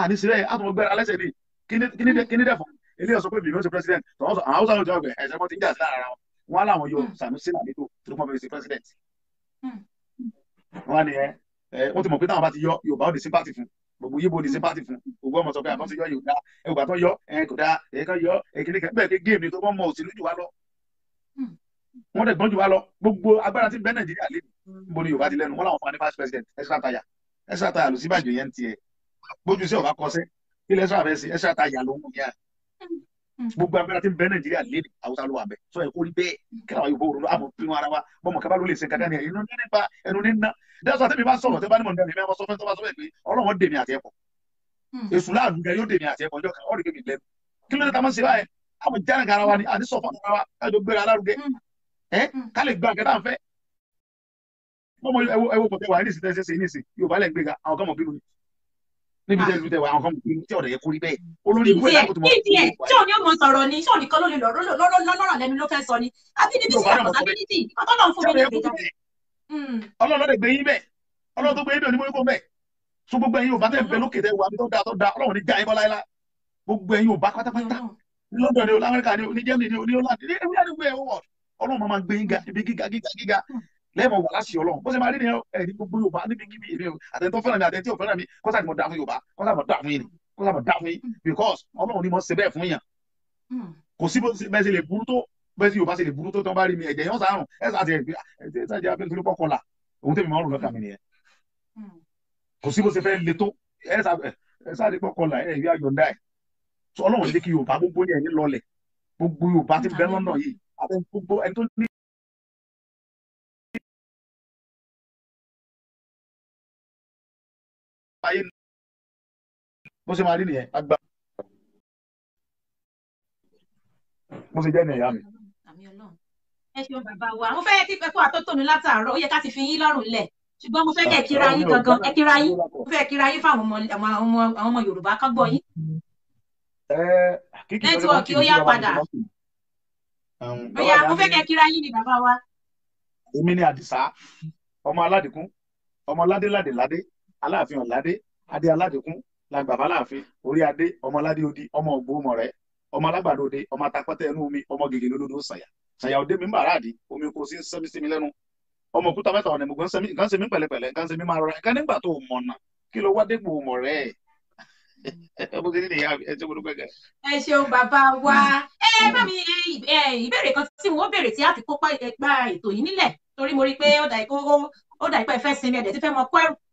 àní sílẹ̀ àtúntò gbẹ́ra lẹ́sẹ̀ ni kíní dẹ̀ fún ilé ọ̀sán pé bìbí ó ṣe president tọ́wọ́ sọ àwọn haúsá ló jẹ́ ọgbẹ̀ ẹ̀sẹ̀ wọn ti ń jà sí lára wọn hmm. wọn làwọn yóò Sanusi Lamido tó kọ́ fẹ́ẹ́ ṣe president. Hmm. wọn ni ẹ wọn ti mọ̀ pé táwọn bá ti yọ Yorùbá ó di sympathy fún gbogbo yíbo di sympathy fún gbogbo ọmọ sọ pé àbọ̀ ti yọ Yorùbá ẹgbà tó yọ ẹ kò dáa ẹ kàn yọ ẹ kìnìkà bẹ́ẹ̀ kí géèmù ni tó wọ́n mọ òṣèlú jù wá lọ. wọ́n dẹ̀ gbọ́n jù wá lọ gbogbo agbára tí bẹ́ẹ̀ Nàìjíríà lé mi níborí yorùbá ti lẹ́nu wọn làwọn fani vice president extra tire extra tire ló sí ìbàjẹ́ yẹn tiẹ̀ gbójú sí ọ̀gá kọsẹ́ kí lẹ́sẹ̀ àbẹ̀ sí extra tire ló ń wù yá gbogbo agbára tí ń bẹ nàìjíríà léde haúsá ló wà bẹ sọ yẹ kó rí bẹ́ẹ̀ kíláwá yóò bóoru àmọ́ pinnu ara wa bọmọ kaba ló lè ṣe kankan ní ẹ inú níní ba ẹnu ní ná dáṣọ àti mi bá sọ̀rọ̀ tẹ bá ní mọ nígbà mi àwọn sọfẹ tó bá sọfẹ pé Ọlọ́run dèmi àti ẹkọ hmm. èṣù láàánú gan yóò dèmi àti ẹkọ ọjọ́ kan ọdún kébì lẹ́nu kí ló dé ta máa ń báyẹn àwọn jẹ́rẹ̀ bọ́mọ ẹwọ kò tẹ wà ní ìsìtẹ́sẹ̀ ṣe ní ìsìn yóò bá lẹ̀ gbé ga àwọn kan mọ̀ bínú ni níbi tẹ́ ìlú tẹ wà àwọn kan mọ̀ bínú tí ọ̀rọ̀ yẹ kórí bẹ́ẹ̀ olórí ìbú ẹ̀dá kò tó mọ̀ bínú. ìdíyẹ tí òní ò mọ sọ̀rọ̀ ni ṣé ònìkan ló lè lọ lọ́rọ̀ lẹ́nu ló fẹ́ sọ ni abínibí sí àpọ̀tàbínítì ọlọ́run fún mi ní ìgbéga. Hmm. ọlọ́run lè gbé yín bẹ́ẹ̀ ọlọ́run tó gbé yín bẹ́ẹ̀ ni mo ní kó bẹ́ẹ̀ so gbogbo ẹ̀yin ò bá tẹ̀ bẹ́ẹ̀ lókè tẹ̀ wà mí tó dáa tó dáa ọlọ́run ní já yín bọ́ láyé gbogbo ẹ̀yin ò bá pátápátá mm-hmm. lọ́dọ̀ ni o lamẹ́ríkà ni o ní Germany ni o ní Holland ní ẹ̀rí àdúgbò ẹ̀ wọ̀ ọlọ́run máa gbé yín ga ibi gíga gíga gíga mm-hmm lẹ́ẹ̀mọ̀ wà láṣẹ ọlọ́run bó ṣe máa rí nìyẹn ẹ̀rí gbogbo yorùbá níbi kíbi èmi o àtẹ̀tọ́ fẹ́ràn mi àtẹ̀tí òfẹ́ràn mi kọ́ sáà ni mo dá fún yorùbá kọ́ sáà mo dá fún yín kọ́ sáà mo dá fún yín because ọlọ́run ni mo ṣe bẹ́ẹ̀ fún yàn hmm. kò sí bó bẹ́ẹ̀ ṣe lè burú tó bẹ́ẹ̀ ṣe yorùbá ṣe lè burú tó tán bá rí mi ẹ̀jẹ̀ yẹn sàárùn ẹ̀ sàtì ẹ̀ ẹ̀ sàdé ẹ̀ ìwé àjọ̀dá ẹ̀ sọ ọlọ́run gbogbo ẹni tó ní ayé bó ṣe máa rí nìyẹn agbá bó ṣe jẹ́ ní ìyá mi. ẹ ṣeun bàbá wa mo fẹ́ kí pẹ́kọ́ àtótónu látàárọ̀ ó yẹ ká ti fi yín lọ́rùn lẹ̀ ṣùgbọ́n mo fẹ́ kẹ́ kíra yín gangan ẹ kíra yín mo fẹ́ kíra yín fáwọn ọmọ Yorùbá kán gbọ́ yín. nẹ́tíwọ̀kì ó yá padà ó yá mo fẹ́ kẹ́ kíra yín ni bàbá wa. èmi ni àdìsá ọmọ aládìkún ọmọ ládéládéládé aláàfin ọ̀ládé adé aládékún làgbàbá láàfin orí adé ọmọládé odi ọmọ ògbómọ rẹ ọmọ alágbàdo ode ọmọ atapẹtẹ ẹnu omi ọmọ gègé lódodo sàyà sàyà òde mi ń bà ráàdì omi kò sí ń sẹ́mi sí mi lẹ́nu ọmọ òkúta mẹ́ta ọ̀nà ìmùgbọ́n sẹ́mi nǹkan sẹ́mi pẹ̀lẹ́pẹ̀lẹ́ nǹkan sẹ́mi máa rọra nǹkan nígbà tó mọ̀ nà kí ló wá dégbò mọ̀ rẹ̀ bó ti ní ìyá ẹ ṣe gbọdọ gbẹgẹ. ẹ ṣeun bàbá wa ẹ bá mi ìbéèrè kan tí wọn béèrè tí a ti kópa ẹgbà ètò yìí nílẹ̀ torí mo rí pé ó dà ìpẹ́ fẹ́ sinmi ẹ̀dẹ̀ tí fẹ́ mọ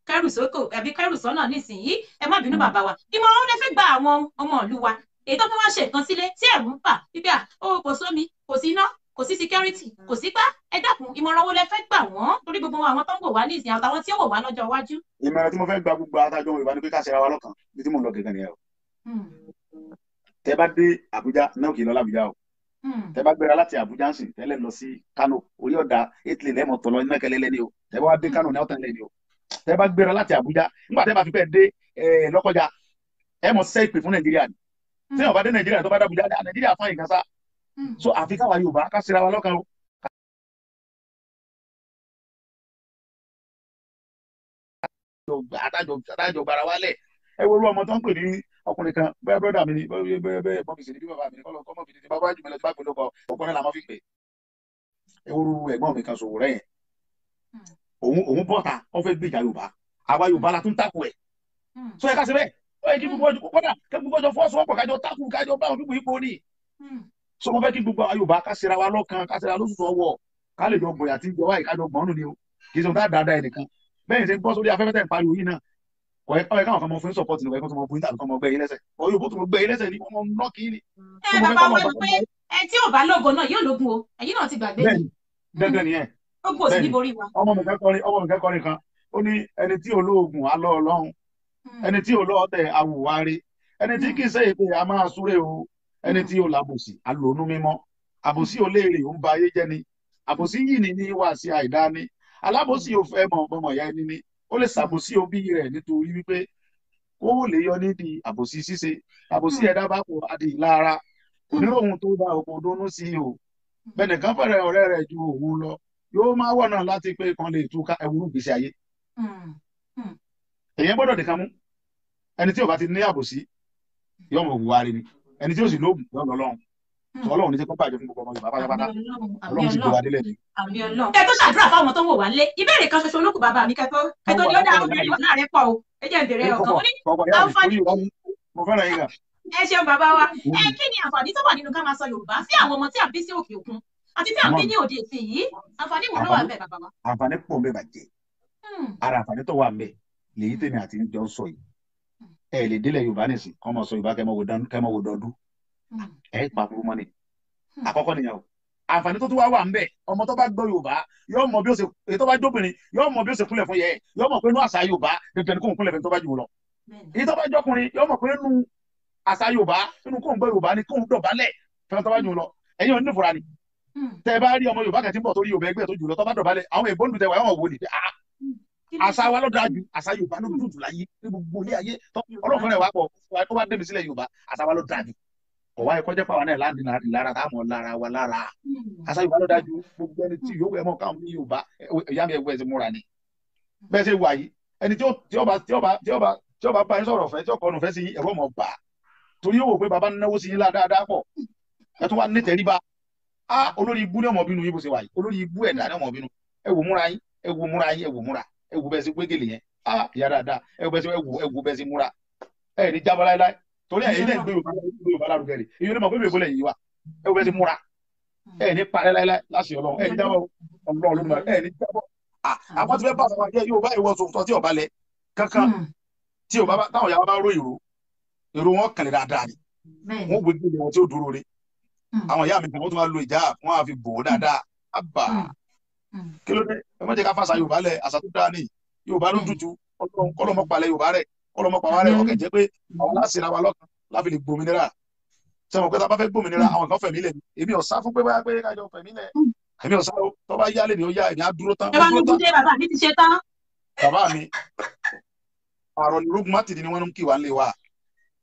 kẹrù sókò ẹbí kẹrù sọ́nà nísìnyí ẹ má bínú hmm. bàbá wa ìmọ̀ràn ó lè fi gba àwọn ọmọ ìlú wa èyí tó fi wá ṣe nǹkan sílé tí ẹ̀rù ń bà wípé à ó kò sómi kò sí iná kò sí security kò sí gbá ẹ dákun ìmọ̀ràn wo lẹ fẹ́ gbà wọ́n torí gbogbo àwọn tó ń wò wá nísìnyí àtàwọn tí ó wò wá lọ́jọ́ iwájú. ìmọ̀ràn tí mo fẹ́ gba gbogbo adájọ́ Yorùbá ni pé ká ṣera wa lọ́kàn bí tí mò ń lọ gẹ̀gẹ̀ nìyẹn o. Hmm. tẹ bá dé Àbújá náà kì í lọ lábújá o hmm. tẹ bá gbéra láti Àbújá nsìn tẹ́lẹ̀ lọ sí Kano orí ọ̀dà italy lẹ́mọ̀tọ́ lọ iná kẹlẹ́lẹ́ ni o tẹ bá wá dé Kano ní ọ̀tàn lẹ́ni o tẹ́ bá gbéra láti Àbújá nígbà tẹ́ bá fi pẹ́ dé eh, Lọ́kọ́jà ẹ mọ̀ sẹ́ ìpè fún Nàìjíríà ni tí wọn bá dé Nàìjíríà tó bá dá Àbújá Nàìjíríà fún àyíká sá hmm. so àfi káwa Yorùbá ká síra wa lọ́kàn o. àtàjọ gbara wálẹ̀ ẹ wo olú ọmọ tó ń pè ní ọkùnrin kan bẹ́ẹ̀ bọ́dà mi ni bẹ́ẹ̀ bẹ́ẹ̀ bọ́mí sì ni bí bàbá mi ni kọ́ lọ́kọ́ mọ́bìnrin ni bàbá jùmọ̀lẹ́ tó bá gbé lóko ọkùnrin làwọn fi pè é ẹ wo olú ẹ̀gbọ́n mi kan ṣòwò rẹ̀ yẹn hmm òun òun bọ́ta wọ́n fẹ́ gbèjà yorùbá àwa yorùbá la tún takò ẹ̀ hmm. sọ yẹ ká ṣe bẹ́ẹ̀ ó yẹ kí hmm. gbogbo ọjọ́ kọ́dà kí gbogbo ọjọ́ fọ́sowọ́pọ̀ kájọ takò kájọ bá wọn fífún ipò ní. sọ mo fẹ́ kí gbogbo àwa yorùbá ká ṣera wa lọ́kàn ká ṣera lóṣù sọ́wọ́ ká lè jọ gbọ̀yà tí ìjọba ìkájọ gbọ̀n nù ni o kì í sọ dáadáa dáa ẹnìkan bẹ́ẹ̀ ṣe ń bọ́ sórí afẹ́fẹ́ tẹ̀ ń pariwo yìí náà ọ̀yẹ́ káwọn kan mọ fún support ni ọ̀yẹ́ kan tó mọ fún tàbí kan mọ gbẹ yín lẹ́sẹ̀ ọ̀yẹ́ òbó tó mọ gbẹ yín lẹ́sẹ̀ ni wọ́n mọ nọ́ kí ni. ẹ bàbá wọn pé ẹ tí ò bá lóògùn náà yóò lóògùn o ẹ̀yin náà ti gbàgbé. bẹ́ẹ̀ni dandan nìyẹn ó kò sí níborí wa. ọmọ mi kẹ́kọ̀ọ́rin ọmọ mi kẹ́kọ̀ọ́rin kan ó ní ẹni tí olóògùn alọ́ ọlọ́run hmm. ẹni tí olóòtẹ̀ awùwárí ẹni tí hmm. kì í ṣe a máa súré o ẹni tí ó làbòsí alòónú mímọ́ àbòsí ò ń ba ayé jẹ́ ni àbòsí yìí ni ní wà sí àìdá ni alábòsí ò fẹ́ mọ̀ ọmọ ìyá ẹni ni ó lè ṣàbòsí òbí rẹ̀ nítorí wípé kó lè yọ nídìí àbòsí ṣíṣe àbòsí hmm. ẹ̀dá bá pọ̀ adì lára kò ní òun tó da òpò dónú sí o bẹ́ẹ̀ nìkan fẹ́rẹ̀ ọ̀rẹ́ ju òun lọ yóò máa wọ̀ náà láti pé kan lè túká ẹwúrú gbèsè ayé hmm, hmm. èyàn gbọ́dọ̀ nìkan mú ẹni tí ó bá ti ní àbòsí yóò mọ̀ wù wárí ni ẹni tí ó sì lóògùn yóò lọ lọ́hùn hmm. sọ ọlọ́run ní jẹ́ kó bàjẹ́ fún gbogbo ọmọ Yorùbá pátápátá ọlọ́run sì kó wa délẹ̀ ni. ẹ tó ṣàdúrà fáwọn tó ń wò wá lé ìbéèrè kan ṣoṣo olókùn bàbá mi kẹtọ kẹtọ ni ó dá obìnrin wọn láàrin pọ o ẹ jẹ́ àti tí à ń gbé ní òde ìsìn yìí àǹfààní wo ló wà bẹ́ẹ̀ bàbá wa. àǹfààní pọ̀ bẹ́ẹ̀ bàjẹ́ ara àǹfààní tó wà bẹ́ẹ̀ lèyí tèmi àti ìjọ ń sọ yìí ẹ lè délẹ̀ yorùbá nìsín kọ́ mọ̀ sọ yorùbá kẹ́mọ̀ wò dọ́dún ẹ pa burú mọ́ ni àkọ́kọ́ nìyẹn o àǹfààní tó tún wá wà ń bẹ ọmọ tó bá gbọ́ yorùbá yóò mọ bí ó ṣe èyí tó bá dóbìnrin yóò mọ bí ó ṣe kúnlẹ̀ fún yẹ yóò mọ pé inú àṣà yorùbá dandan ni kò ń kúnlẹ̀ fún tó bá jù lọ èyí bá jọkùnrin yóò mọ pé inú àṣà yorùbá inú kò ń yorùbá ni kò ń dọ̀bálẹ̀ fún tó bá jù lọ ẹ̀yin ò ní ìfura ni Hmm. tẹ bá rí ọmọ yorùbá kan tí ń bọ̀ torí yorùbá ẹgbẹ́ tó jù lọ tó bá dọ̀bálẹ̀ àwọn èèbó nù tẹwàá àwọn òwò nìyẹn ah, hmm. àṣà wa ló dáa jù àṣà yorùbá ló dùn jù láyé ní gbogbo ilé ayé hmm. ọlọ́run rẹ̀ wá pọ̀ tó wá dé mi sílẹ̀ yorùbá àṣà wa ló dáa jù kò wá ẹkọ jẹ́ pàwọn náà láti lára táwọn lára wa lára àṣà yorùbá ló dáa jù gbogbo ẹni tí yòówù ẹ mọ káwọn ní yorùbá ìyá mi ẹwú ti múra ni bẹ́ẹ̀ ṣe wà yìí ẹni tí ọba tí ọba tí ọba tí ọba bá yín sọ̀rọ̀ fẹ́ tí ọkọ̀ ọ̀nùfẹ́ sí ẹ̀rọ ọmọ bá torí ó wò pé baba náwó sí yín lá pọ̀ ẹ tún wá ní á olórí ibú ní ọmọ bínú yín bó ṣe wà yìí olórí ibú ẹ̀dá ní ọmọ bínú ẹ wò múra yín ẹ wò múra yín ẹ wò múra ẹ wò bẹ́ẹ̀ sí gbégélé yẹn á ìyá dáadáa ẹ wò bẹ́ẹ̀ sí ẹ wò ẹ wò bẹ́ẹ̀ sí múra ẹ ní jábọ́ láéláé torí ẹ̀ ilé ìgbé yorùbá lárugẹ rè èyí ló mọ̀ pé bèbó lẹ̀ yìí wa ẹ wò bẹ́ẹ̀ sí múra ẹ ní parẹ́ láéláé láti ọlọ́run ẹ ní jábọ́ ọlọ́run ẹ ní jábọ́ àwọn tí fẹ́ bá àwọn ajẹ́ yorùbá ìwọ sòtọ́ tí ọba lẹ kankan hmm. tí yorùbá táwọn yàrá bá ró ìró ìró wọn kàlẹ̀ dáadáa ni wọn gbé gbé wọn tí ó dúró re Mm. àwọn ìyá mi kan wọ́n tún máa lo ìjà wọ́n á fi bò ó dáadáa àbà mm. mm. kí ló dé ẹ má jẹ́ ká fàṣà yorùbá lẹ̀ àṣà tó dáa nìyí yorùbá ló dùtù kọ́lọ́mọ palẹ̀ yorùbá rẹ̀ kọ́lọ́mọ rẹ̀ ọkẹ́ jẹ́ pé àwọn aláṣẹra wa lọ́kàn láfi lè gbòmìnira sẹ́wọ̀n pé tá a bá fẹ́ gbòmìnira àwọn kan fẹ̀mí lẹ̀ èmi ọ̀sá fún pé bá pé kájọ fẹ̀mí lẹ̀ èmi ọ̀sá o tó bá yálé ni ó yá èmi á dúró tán. ẹ bá mi kú dé bàbá ti ṣe ni rogun ń kí wa ń lé wa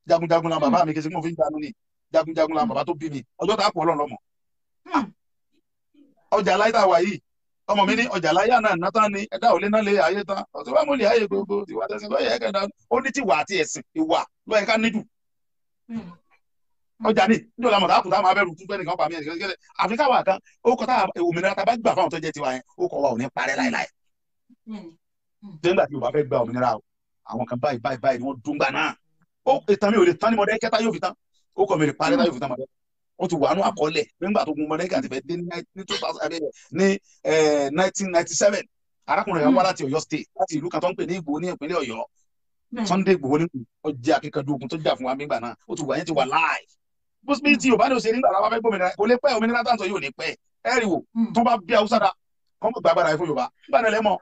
jagunjagun la bàbá mi kì í ṣe kí mo fi ń dànù ni jagunjagun la bàbá tó bí mi ọjọ́ tá a pọ̀ lọ́nà mọ̀. Hmm. ọjà láyé tá a wà yìí ọmọ mi ní ọjà láyé àná nàtà ni ẹ̀dá òlé náà lè ayé tán ọ̀sẹ̀ wàá mú lè ayé gbogbo ìwà tẹ̀sìn lọ́yẹ̀ ẹ̀kẹ́ dá ó ní tìwà àti ẹ̀sìn ìwà lọ́yẹ̀ ká níjù. Hmm. ọjà ni ní ọ̀la mọ̀tà àkùtà máa bẹ̀rù fúnpẹ́ nìkan pàmì ẹ̀sìn kẹ́kẹ́ àfi káwa kan ó kọ́ tá òmìnira tá a bá gbà fáwọn tó jẹ́ tiwa yẹn ó kọ́ wa ò ní parẹ́ láéláé. dẹ́gbà hmm. tí Yorùbá ó kọ̀ mẹ́rin parí láyò fún tamale wọ́n ti wà nù àkọọ́lẹ̀ nígbà tó gun mọ̀lẹ́kì àti fẹ́ẹ́ dé ní two thousand ní eh, nineteen ninety seven arákùnrin yẹn wá hmm. láti Ọ̀yọ́ state láti ìlú kan tó ń pè ní Ìgbòho ní ìpínlẹ̀ Ọ̀yọ́ hmm. Sunday Ìgbòho ní ọjà akíkanjú ogun tó jà fún wa nígbà náà ó ti wà yẹn ti wà láàyè bó sì ti Yorùbá ní òsèré nígbà láwa fẹ́ gbòmìnira kò lè pẹ́ òmìnira tàǹtọ̀ yóò ní pẹ́ ẹ rí wo hmm. tó bá bí Haúsá da kọ́mọ̀ gbàgbára ẹ fún Yorùbá nígbà náà lẹ́mọ̀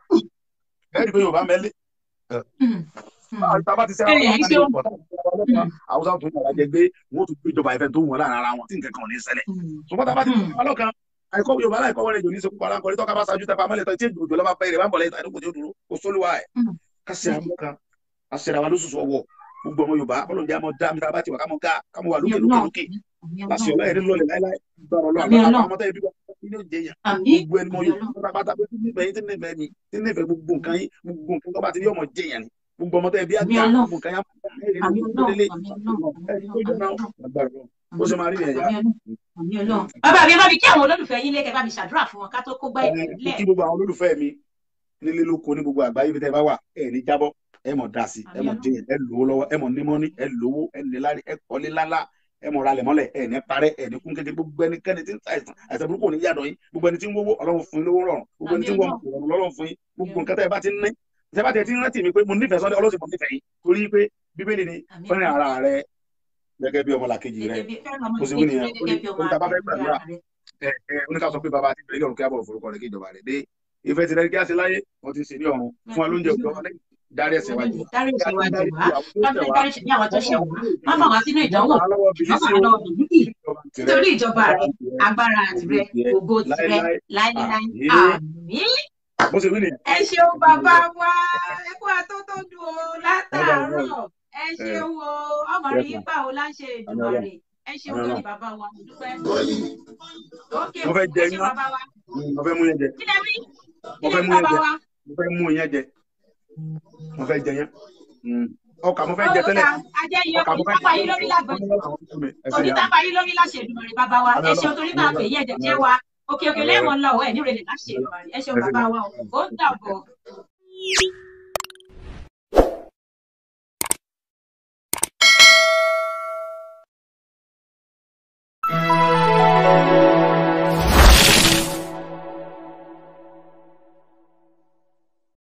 ẹ rí pé Yorùbá mẹ́lẹ́. Hmm. tàbá ti sẹ́wọ́n wọn ní ọ̀pọ̀ àwùjọ tó ń bọ̀ lájẹ gbé wọ́n tún gbé ìjọba ìfẹ́ tó wọ̀ láàrin ara wọn tí nǹkan kan ò ní ṣẹlẹ̀ hmm. ṣùgbọ́n tàbá ti sẹ́wọ́n hmm. lọ́kàn àìkọ́ yorùbá láìkọ́ wọlé jòní sekú para nkọ́ni tọ́ka bá ṣáájú tẹ́pá mọ́lẹ̀ tán tí èjì òjò lọ́ba pẹ́ẹ́rẹ́ bá ń bọ̀ lẹ́yìn tàdúgbò tí ó dúró kó sólúwa ẹ̀ kásì àmúka àṣẹ̀rà wa lóṣooṣù ọwọ́ gbogbo ọmọ yorùbá ọlọ́run jẹ́ àmọ́ dá mi tàbá ti wà kámọ́ ká kámọ́ wà lókè lókè lókè láṣẹ ọlá ẹ̀rí lọlẹ̀ láíláí gbàrọ̀ ọlọ́run àwọn ọmọ tẹ́lẹ̀ bí wọ́n ti ní oúnjẹ yẹn gbogbo ẹni mọ yorùbá pátápátá pé tí nífẹ̀ẹ́ yín tí nífẹ̀ẹ́ mi tí nífẹ̀ẹ́ gbogbo nǹkan yín gbogbo nǹkan tó bá ti ní ọmọ gbogbo ọmọ tó ẹbí àti àkókò kan yá ó ṣe máa rí ẹ̀yà. bàbá mi bá mi kí àwọn olólùfẹ́ yín lẹ́kẹ̀ẹ́ bá ṣàdúrà fún wọn ká tó kó gbá ìpínlẹ̀. kí gbogbo àwọn olólùfẹ́ mi nílé lóko ní gbogbo àgbáyé bí tẹ́ bá wà ẹ̀ ní jábọ́ ẹ mọ̀ dá sí ẹ mọ̀ jẹyẹ ẹ lówó lọ́wọ́ ẹ mọ̀ nímọ́ ní ẹ lówó ẹ níláre ẹ kọ́lé lálá ẹ mọ̀ ralẹ̀ mọ́lẹ̀ ẹ ní parẹ́ ẹ ní kún kékeré gbogbo ẹnikẹ́ni tí ń ta àìsàn àìsàn burúkú ní yàdọ̀ yín gbogbo ẹni tí ń wówó ọlọ́run fún yín lówó rọrùn gbogbo ẹni tí ń wọ ọlọ́run fún yín gbogbo nǹkan tẹ́ ẹ bá ti ń ní ìṣẹ́bá tẹ̀ tí ń rántí mi pé mo nífẹ̀ẹ́ Sunday ọlọ́sìn mo nífẹ̀ẹ́ yìí torí pé bíbélì ni fẹ́ràn ara rẹ gẹ́gẹ́ bí ọmọlàkejì rẹ mo sì wí nìyẹn oníkàbá fẹ́ gbàdúrà oníkà sọ pé bàbá àti ìbẹ̀rẹ̀ ọ̀run kí á bọ̀ forúkọ rẹ kí ìjọba rẹ dé ìfẹ́ tirẹ̀ kí á ṣe láyé wọ́n ti ṣe ní ọ̀run fún alóúnjẹ òjò ọmọlẹ́yìn dárí ẹ̀ṣẹ̀ wa jù dárí ẹ̀ṣẹ̀ wa jù wá káfíń dárí ẹ̀ṣẹ̀ ní bó ṣe wí nìyẹn. ẹ ṣeun bàbá wa ẹ kó atótó dùn o látàárọ̀ ẹ ṣeun o ọmọ rẹ bá o láṣẹ ìdùnnú rẹ ẹ ṣeun tó ní bàbá wa dúpẹ́. mo fẹ́ jẹ iná mm, mo fẹ́ mú yẹn jẹ mo fẹ́ mú yẹn jẹ mo fẹ́ mú yẹn jẹ mo fẹ́ jẹ yẹn mm. ọkà mo fẹ́ jẹ tẹ́lẹ̀ ọkà mo fẹ́ jẹ tẹ́lẹ̀ onítàbà yìí lórí láṣẹ ìdùnnú rẹ bàbá wa ẹ ṣeun torí náà fèyí ẹ̀jẹ̀ jẹ́ wa. Okay. Okay. òkè òkè lẹ́ẹ̀mọ́ ńlá ọ̀ ẹ̀ nírèlè láṣẹ ẹ̀ ṣeun bàbá wa ò dàbọ̀.